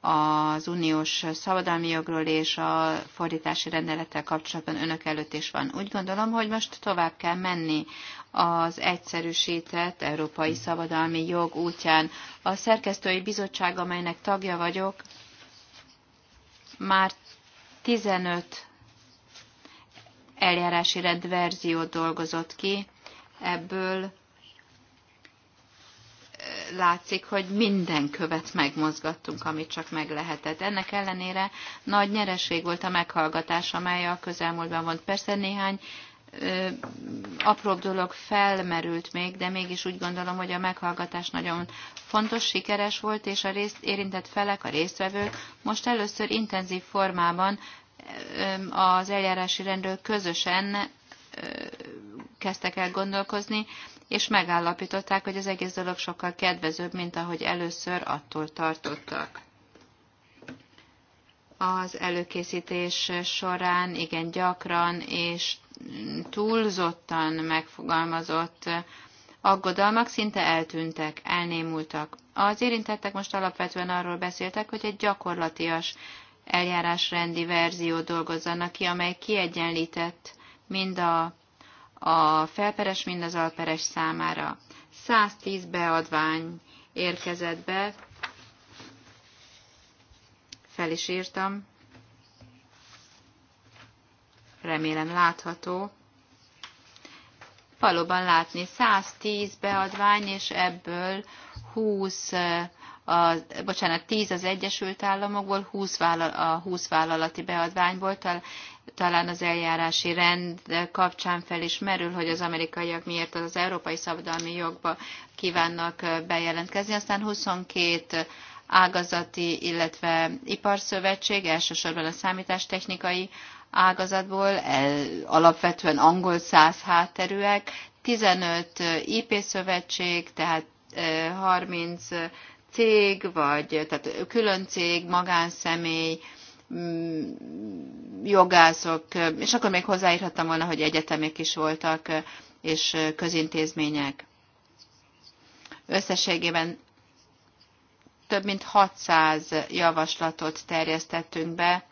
az uniós szabadalmi jogról és a fordítási rendelettel kapcsolatban önök előtt is van. Úgy gondolom, hogy most tovább kell menni az egyszerűsített európai szabadalmi jog útján. A szerkesztői bizottság, amelynek tagja vagyok, már 15 eljárási rendverziót dolgozott ki, ebből látszik, hogy minden követ megmozgattunk, amit csak meg lehetett. Ennek ellenére nagy nyereség volt a meghallgatás, amely a közelmúltban volt. Persze néhány apróbb dolog felmerült még, de mégis úgy gondolom, hogy a meghallgatás nagyon fontos, sikeres volt, és a részt érintett felek, a résztvevők most először intenzív formában az eljárási rendről közösen kezdtek el gondolkozni, és megállapították, hogy az egész dolog sokkal kedvezőbb, mint ahogy először attól tartottak. Az előkészítés során igen gyakran és túlzottan megfogalmazott aggodalmak szinte eltűntek, elnémultak. Az érintettek most alapvetően arról beszéltek, hogy egy gyakorlatias eljárásrendi verziót dolgozzanak ki, amely kiegyenlített mind a a felperes, mind az alperes számára. 110 beadvány érkezett be, fel is írtam, remélem látható. Valóban látni 110 beadvány, és ebből 20 a, bocsánat, 10 az Egyesült Államokból, 20 vállal, a 20 vállalati beadvány volt, talán az eljárási rend kapcsán fel is merül, hogy az amerikaiak miért az európai szabadalmi jogba kívánnak bejelentkezni. Aztán 22 ágazati, illetve iparszövetség, elsősorban a számítástechnikai ágazatból, el, alapvetően angol száz hátterűek, 15 IP szövetség, tehát 30 cég, vagy tehát külön cég, magánszemély, Mm, jogászok, és akkor még hozzáírhattam volna, hogy egyetemek is voltak, és közintézmények. Összességében több mint 600 javaslatot terjesztettünk be.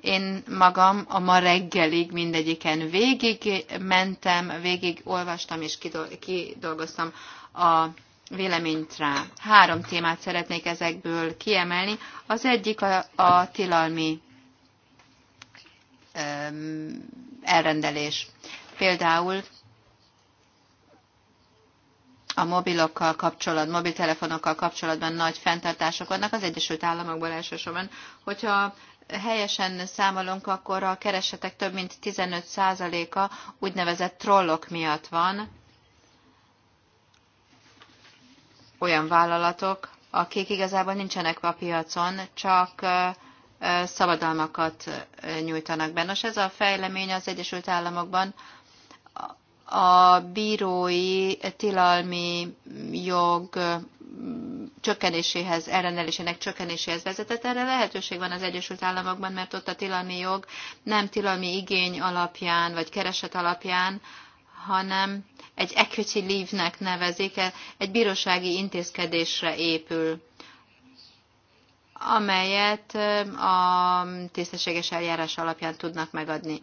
Én magam a ma reggelig mindegyiken végig mentem, végig olvastam és kidolgoztam a véleményt rá. Három témát szeretnék ezekből kiemelni. Az egyik a, a tilalmi um, elrendelés. Például a mobilokkal kapcsolatban, mobiltelefonokkal kapcsolatban nagy fenntartások vannak az Egyesült Államokban elsősorban. Hogyha helyesen számolunk, akkor a keresetek több mint 15%-a úgynevezett trollok miatt van, olyan vállalatok, akik igazából nincsenek a piacon, csak szabadalmakat nyújtanak be. Nos, ez a fejlemény az Egyesült Államokban a bírói tilalmi jog csökkenéséhez, ellenelésének csökkenéséhez vezetett. Erre lehetőség van az Egyesült Államokban, mert ott a tilalmi jog nem tilalmi igény alapján, vagy kereset alapján, hanem egy equity leave-nek nevezik, egy bírósági intézkedésre épül, amelyet a tisztességes eljárás alapján tudnak megadni.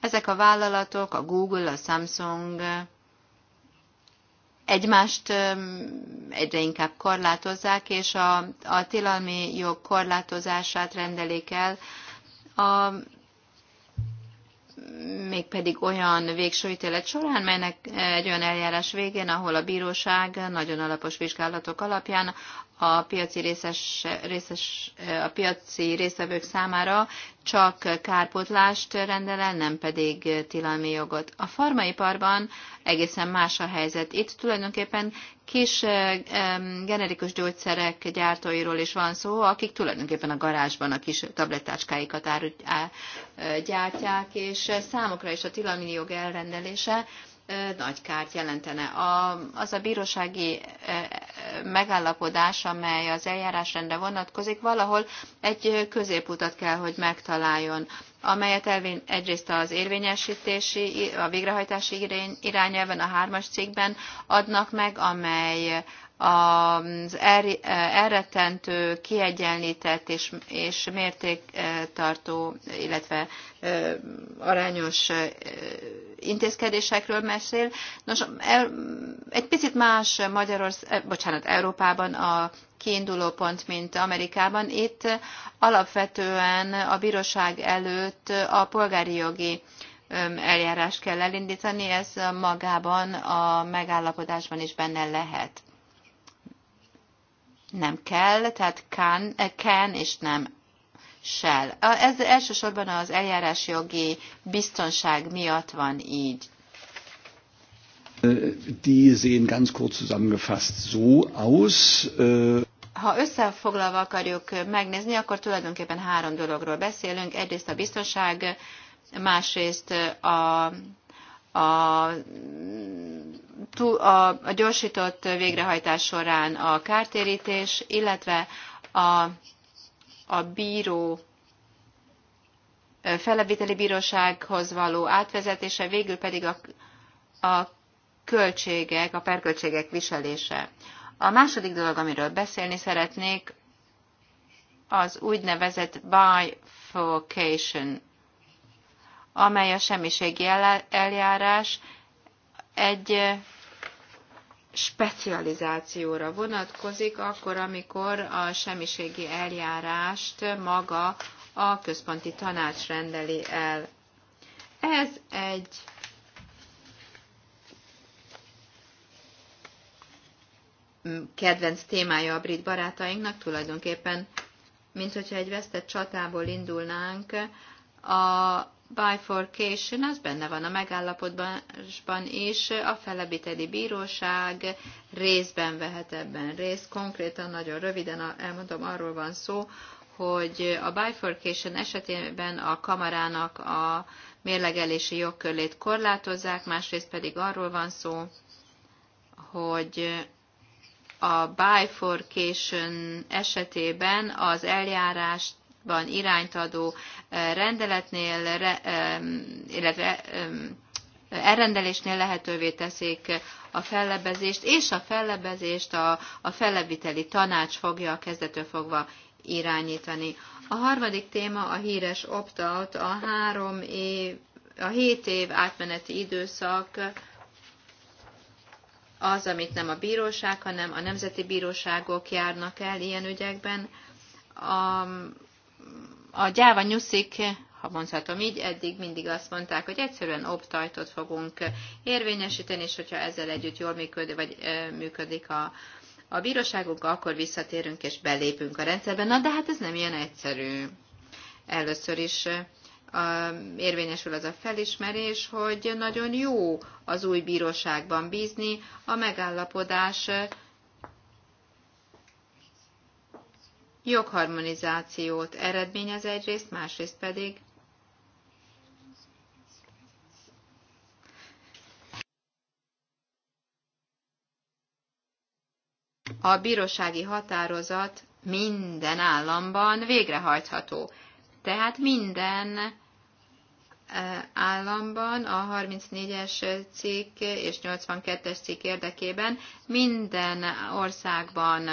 Ezek a vállalatok, a Google, a Samsung egymást egyre inkább korlátozzák, és a, a tilalmi jog korlátozását rendelik el a mégpedig olyan végső ítélet során, melynek egy olyan eljárás végén, ahol a bíróság nagyon alapos vizsgálatok alapján a piaci, részes, részes, a piaci részevők számára csak kárpotlást rendel el, nem pedig tilalmi jogot. A farmaiparban egészen más a helyzet. Itt tulajdonképpen kis generikus gyógyszerek gyártóiról is van szó, akik tulajdonképpen a garázsban a kis tablettácskáikat gyártják, és számokra is a tilalmi jog elrendelése nagy kárt jelentene. A, az a bírósági megállapodás, amely az eljárásrendre vonatkozik, valahol egy középutat kell, hogy megtaláljon amelyet elvén egyrészt az érvényesítési, a végrehajtási irányelven, a hármas cikkben adnak meg, amely az er, elrettentő, kiegyenlített és, és mértéktartó, illetve arányos intézkedésekről mesél. Nos, egy picit más Magyarország, eh, bocsánat, Európában a kiinduló pont, mint Amerikában. Itt alapvetően a bíróság előtt a polgári jogi eljárást kell elindítani, ez magában a megállapodásban is benne lehet. Nem kell, tehát can, can eh, és nem shall. Ez elsősorban az jogi biztonság miatt van így. Äh, die sehen ganz kurz zusammengefasst so aus. Äh, ha összefoglalva akarjuk megnézni, akkor tulajdonképpen három dologról beszélünk. Egyrészt a biztonság, másrészt a a, a, a gyorsított végrehajtás során a kártérítés, illetve a, a bíró felebbviteli bírósághoz való átvezetése, végül pedig a, a költségek, a perköltségek viselése. A második dolog, amiről beszélni szeretnék, az úgynevezett bifurcation, amely a semmiségi eljárás egy eh, specializációra vonatkozik, akkor, amikor a semmiségi eljárást maga a központi tanács rendeli el. Ez egy kedvenc témája a brit barátainknak, tulajdonképpen, mint hogyha egy vesztett csatából indulnánk, a bifurcation az benne van a megállapodásban is, a felebiteli bíróság részben vehet ebben részt. Konkrétan nagyon röviden elmondom, arról van szó, hogy a bifurcation esetében a kamarának a mérlegelési jogkörlét korlátozzák, másrészt pedig arról van szó, hogy a bifurcation esetében az eljárást van irányt adó eh, rendeletnél, illetve elrendelésnél lehetővé teszik a fellebezést, és a fellebezést a, a felleviteli tanács fogja a kezdetől fogva irányítani. A harmadik téma a híres opt-out, a három év, a hét év átmeneti időszak az, amit nem a bíróság, hanem a nemzeti bíróságok járnak el ilyen ügyekben. A, a gyáva nyuszik, ha mondhatom így, eddig mindig azt mondták, hogy egyszerűen optajtot fogunk érvényesíteni, és hogyha ezzel együtt jól működik, vagy működik a, a bíróságunk, akkor visszatérünk és belépünk a rendszerbe. Na, de hát ez nem ilyen egyszerű. Először is érvényesül az a felismerés, hogy nagyon jó az új bíróságban bízni, a megállapodás jogharmonizációt eredményez egyrészt, másrészt pedig a bírósági határozat minden államban végrehajtható. Tehát minden államban a 34-es cikk és 82-es cikk érdekében minden országban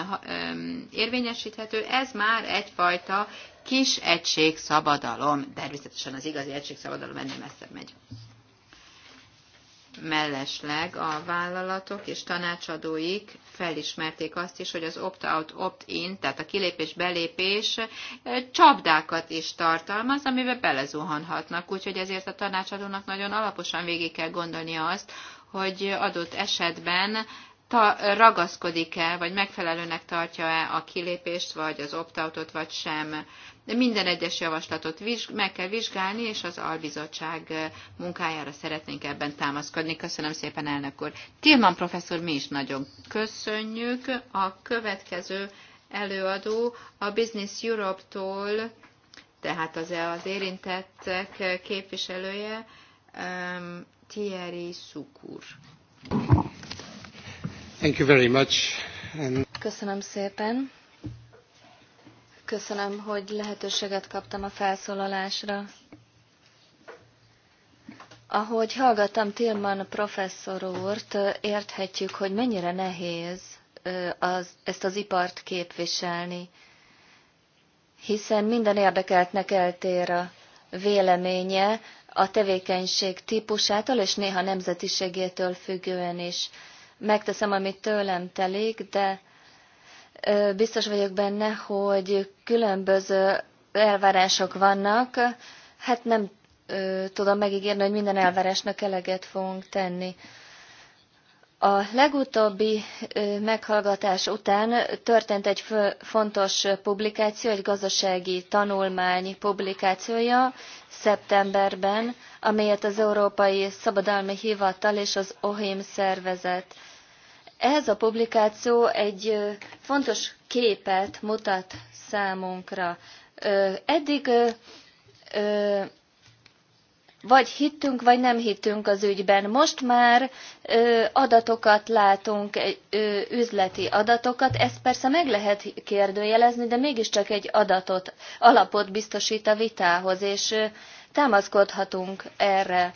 érvényesíthető. Ez már egyfajta kis egységszabadalom, szabadalom. Természetesen az igazi egységszabadalom szabadalom ennél messzebb megy. Mellesleg a vállalatok és tanácsadóik felismerték azt is, hogy az opt-out, opt-in, tehát a kilépés-belépés eh, csapdákat is tartalmaz, amiben belezuhanhatnak. Úgyhogy ezért a tanácsadónak nagyon alaposan végig kell gondolnia azt, hogy adott esetben ta ragaszkodik-e, vagy megfelelőnek tartja-e a kilépést, vagy az opt-outot, vagy sem. De minden egyes javaslatot meg kell vizsgálni, és az albizottság munkájára szeretnénk ebben támaszkodni. Köszönöm szépen, elnök úr. Tilman professzor, mi is nagyon köszönjük. A következő előadó a Business Europe-tól, tehát az, e az érintettek képviselője, um, Thierry Szukur. Thank you very much. And... Köszönöm szépen. Köszönöm, hogy lehetőséget kaptam a felszólalásra. Ahogy hallgattam Tilman professzor úrt, érthetjük, hogy mennyire nehéz az, ezt az ipart képviselni, hiszen minden érdekeltnek eltér a véleménye a tevékenység típusától és néha nemzetiségétől függően is megteszem, amit tőlem telik, de biztos vagyok benne, hogy különböző elvárások vannak. Hát nem tudom megígérni, hogy minden elvárásnak eleget fogunk tenni. A legutóbbi meghallgatás után történt egy fontos publikáció, egy gazdasági tanulmány publikációja szeptemberben, amelyet az Európai Szabadalmi Hivatal és az OHIM szervezett. Ez a publikáció egy fontos képet mutat számunkra. Eddig vagy hittünk, vagy nem hittünk az ügyben. Most már ö, adatokat látunk, ö, üzleti adatokat, ezt persze meg lehet kérdőjelezni, de mégiscsak egy adatot, alapot biztosít a vitához, és ö, támaszkodhatunk erre.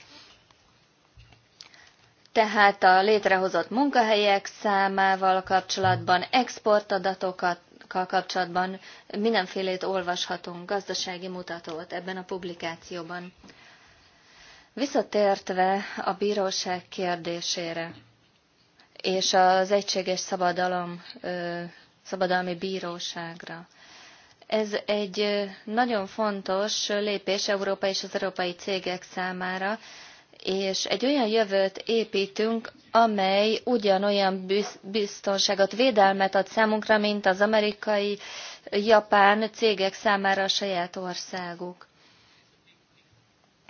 Tehát a létrehozott munkahelyek számával kapcsolatban, exportadatokat kapcsolatban mindenfélét olvashatunk, gazdasági mutatót ebben a publikációban. Visszatértve a bíróság kérdésére és az egységes szabadalom, szabadalmi bíróságra. Ez egy nagyon fontos lépés Európa és az európai cégek számára, és egy olyan jövőt építünk, amely ugyanolyan biztonságot, védelmet ad számunkra, mint az amerikai, japán cégek számára a saját országuk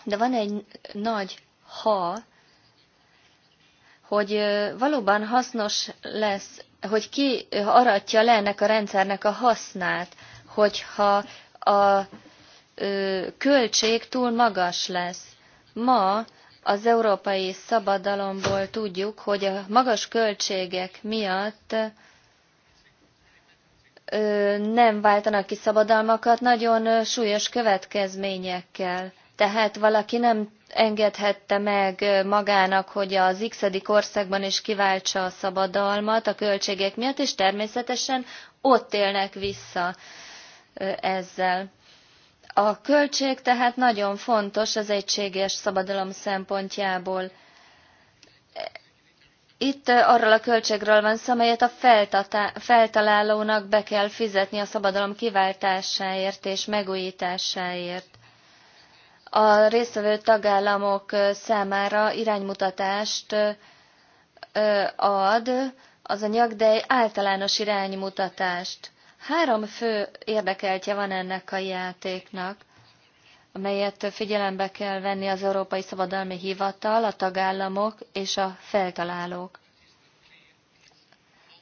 de van egy nagy ha, hogy valóban hasznos lesz, hogy ki aratja le ennek a rendszernek a hasznát, hogyha a költség túl magas lesz. Ma az európai szabadalomból tudjuk, hogy a magas költségek miatt nem váltanak ki szabadalmakat nagyon súlyos következményekkel. Tehát valaki nem engedhette meg magának, hogy az x országban is kiváltsa a szabadalmat a költségek miatt, és természetesen ott élnek vissza ezzel. A költség tehát nagyon fontos az egységes szabadalom szempontjából. Itt arról a költségről van szó, amelyet a feltalálónak be kell fizetni a szabadalom kiváltásáért és megújításáért a résztvevő tagállamok számára iránymutatást ad az anyag, de általános iránymutatást. Három fő érdekeltje van ennek a játéknak, amelyet figyelembe kell venni az Európai Szabadalmi Hivatal, a tagállamok és a feltalálók.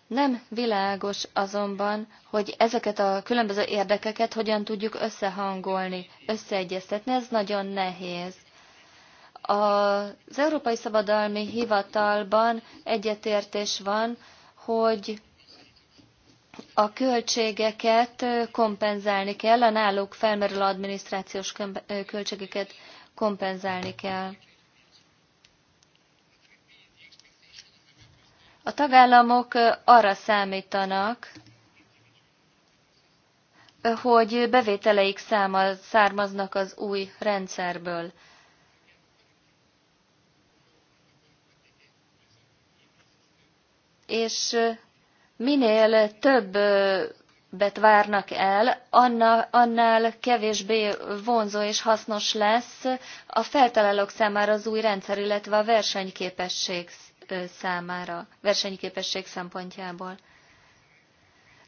Nem világos azonban, hogy ezeket a különböző érdekeket hogyan tudjuk összehangolni, összeegyeztetni, ez nagyon nehéz. Az Európai Szabadalmi Hivatalban egyetértés van, hogy a költségeket kompenzálni kell, a náluk felmerülő adminisztrációs költségeket kompenzálni kell. A tagállamok arra számítanak, hogy bevételeik száma származnak az új rendszerből. És minél többet várnak el, annál kevésbé vonzó és hasznos lesz a feltalálók számára az új rendszer, illetve a versenyképesség számára, versenyképesség szempontjából.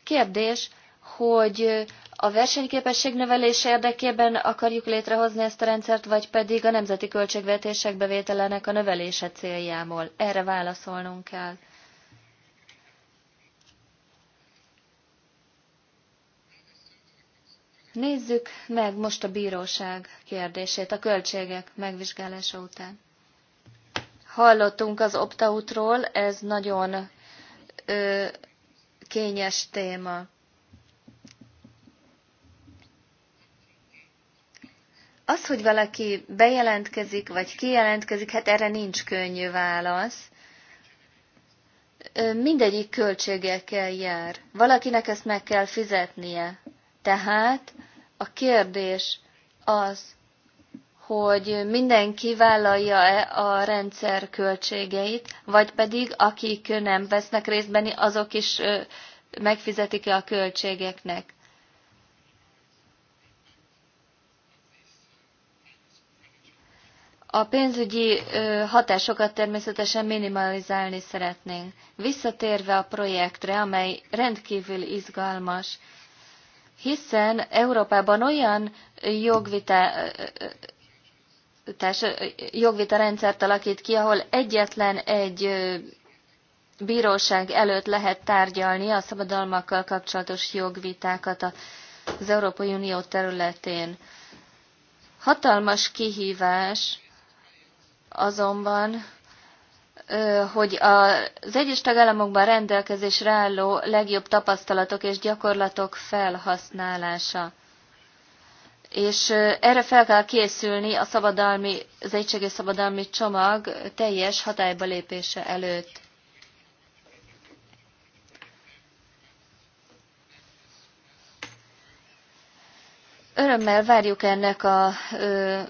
Kérdés, hogy a versenyképesség növelése érdekében akarjuk létrehozni ezt a rendszert, vagy pedig a nemzeti költségvetések bevételének a növelése céljából? Erre válaszolnunk kell. Nézzük meg most a bíróság kérdését a költségek megvizsgálása után. Hallottunk az opt ez nagyon ö, kényes téma. Az, hogy valaki bejelentkezik, vagy kijelentkezik, hát erre nincs könnyű válasz mindegyik költségekkel jár. Valakinek ezt meg kell fizetnie. Tehát a kérdés az, hogy mindenki vállalja-e a rendszer költségeit, vagy pedig akik nem vesznek részt benni, azok is megfizetik-e a költségeknek. A pénzügyi hatásokat természetesen minimalizálni szeretnénk. Visszatérve a projektre, amely rendkívül izgalmas, hiszen Európában olyan jogvita jogvita rendszert alakít ki, ahol egyetlen egy bíróság előtt lehet tárgyalni a szabadalmakkal kapcsolatos jogvitákat az Európai Unió területén. Hatalmas kihívás azonban, hogy az egyes tagállamokban rendelkezésre álló legjobb tapasztalatok és gyakorlatok felhasználása és erre fel kell készülni a szabadalmi, az egységes szabadalmi csomag teljes hatályba lépése előtt. Örömmel várjuk ennek a ö,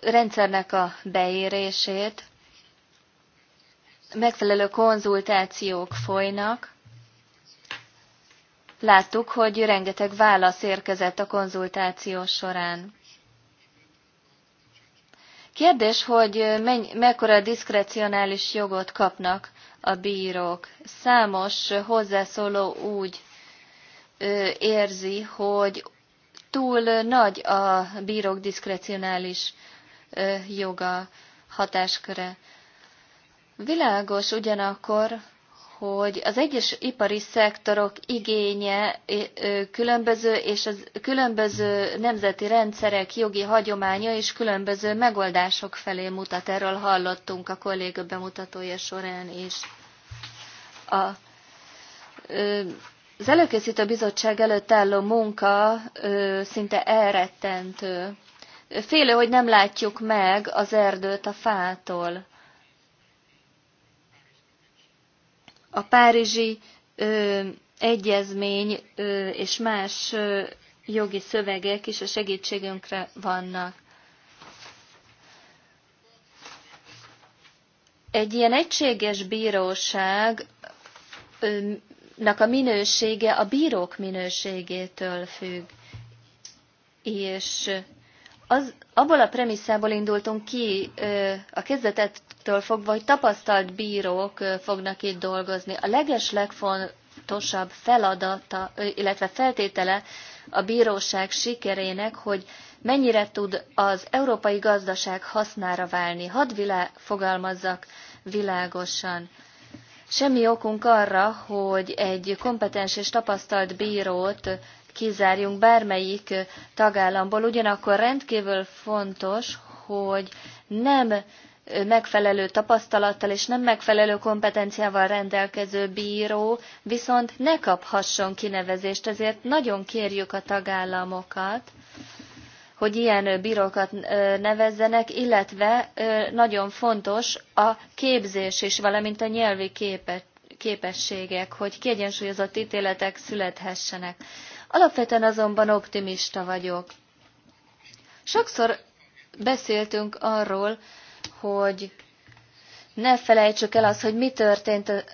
rendszernek a beérését. Megfelelő konzultációk folynak láttuk, hogy rengeteg válasz érkezett a konzultáció során. Kérdés, hogy mekkora diszkrecionális jogot kapnak a bírók. Számos hozzászóló úgy ö, érzi, hogy túl nagy a bírók diszkrecionális ö, joga hatásköre. Világos ugyanakkor, hogy az egyes ipari szektorok igénye különböző, és az különböző nemzeti rendszerek jogi hagyománya és különböző megoldások felé mutat. Erről hallottunk a kolléga bemutatója során is. A, az előkészítő bizottság előtt álló munka szinte elrettentő. Félő, hogy nem látjuk meg az erdőt a fától a Párizsi ö, Egyezmény ö, és más ö, jogi szövegek is a segítségünkre vannak. Egy ilyen egységes bíróságnak a minősége a bírók minőségétől függ, és az, abból a premisszából indultunk ki a kezdetektől fogva, hogy tapasztalt bírók fognak itt dolgozni. A leges legfontosabb feladata, illetve feltétele a bíróság sikerének, hogy mennyire tud az európai gazdaság hasznára válni. Hadd vilá, fogalmazzak világosan. Semmi okunk arra, hogy egy kompetens és tapasztalt bírót kizárjunk bármelyik tagállamból, ugyanakkor rendkívül fontos, hogy nem megfelelő tapasztalattal és nem megfelelő kompetenciával rendelkező bíró viszont ne kaphasson kinevezést, ezért nagyon kérjük a tagállamokat, hogy ilyen bírókat nevezzenek, illetve nagyon fontos a képzés is, valamint a nyelvi képet képességek, hogy kiegyensúlyozott ítéletek születhessenek. Alapvetően azonban optimista vagyok. Sokszor beszéltünk arról, hogy ne felejtsük el azt, hogy mi történt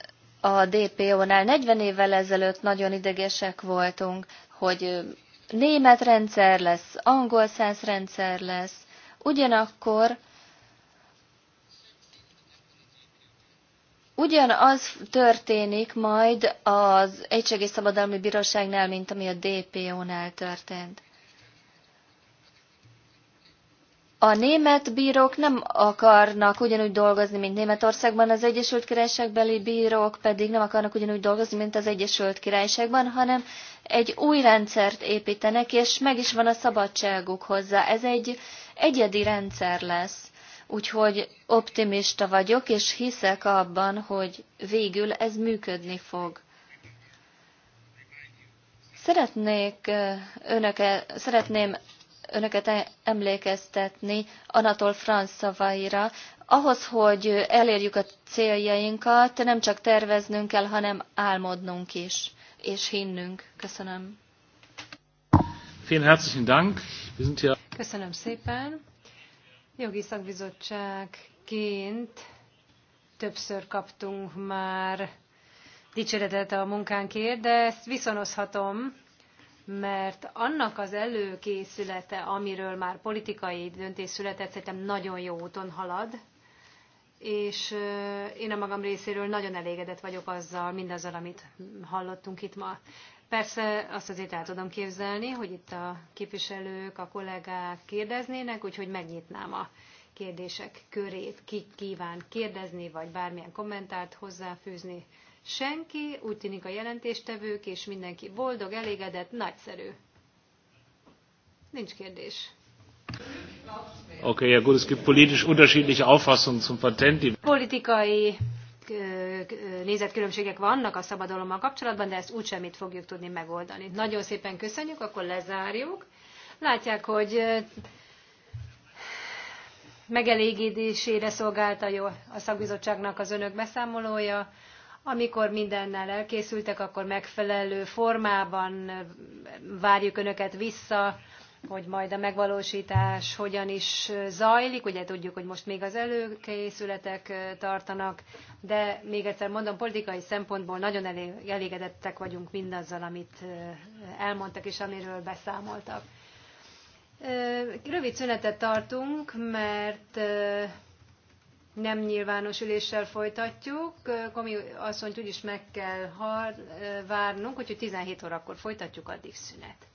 a DPO-nál. 40 évvel ezelőtt nagyon idegesek voltunk, hogy német rendszer lesz, angol száz rendszer lesz. Ugyanakkor Ugyanaz történik majd az Egységes Szabadalmi Bíróságnál, mint ami a DPO-nál történt. A német bírók nem akarnak ugyanúgy dolgozni, mint Németországban, az Egyesült Királyságbeli bírók pedig nem akarnak ugyanúgy dolgozni, mint az Egyesült Királyságban, hanem egy új rendszert építenek, és meg is van a szabadságuk hozzá. Ez egy egyedi rendszer lesz. Úgyhogy optimista vagyok, és hiszek abban, hogy végül ez működni fog. Szeretnék önöke, szeretném önöket e- emlékeztetni Anatol Franz szavaira. Ahhoz, hogy elérjük a céljainkat, nem csak terveznünk kell, hanem álmodnunk is, és hinnünk. Köszönöm. Vielen herzlichen Dank. Köszönöm szépen. Jogi szakbizottságként többször kaptunk már dicséretet a munkánkért, de ezt viszonozhatom, mert annak az előkészülete, amiről már politikai döntés született, szerintem nagyon jó úton halad, és én a magam részéről nagyon elégedett vagyok azzal, mindazzal, amit hallottunk itt ma. Persze azt azért el tudom képzelni, hogy itt a képviselők, a kollégák kérdeznének, úgyhogy megnyitnám a kérdések körét, ki kíván kérdezni, vagy bármilyen kommentárt hozzáfűzni. Senki, úgy tűnik a jelentéstevők, és mindenki boldog, elégedett, nagyszerű. Nincs kérdés. Okay, ja gut, es gibt politisch unterschiedliche Auffassungen zum Patent. Politikai nézetkülönbségek vannak a szabadalommal kapcsolatban, de ezt úgy mit fogjuk tudni megoldani. Nagyon szépen köszönjük, akkor lezárjuk. Látják, hogy megelégedésére szolgálta jó a szakbizottságnak az önök beszámolója. Amikor mindennel elkészültek, akkor megfelelő formában várjuk önöket vissza hogy majd a megvalósítás hogyan is zajlik. Ugye tudjuk, hogy most még az előkészületek tartanak, de még egyszer mondom, politikai szempontból nagyon elégedettek vagyunk mindazzal, amit elmondtak és amiről beszámoltak. Rövid szünetet tartunk, mert nem nyilvános üléssel folytatjuk. Komi asszonyt úgyis meg kell várnunk, úgyhogy 17 órakor folytatjuk, addig szünet.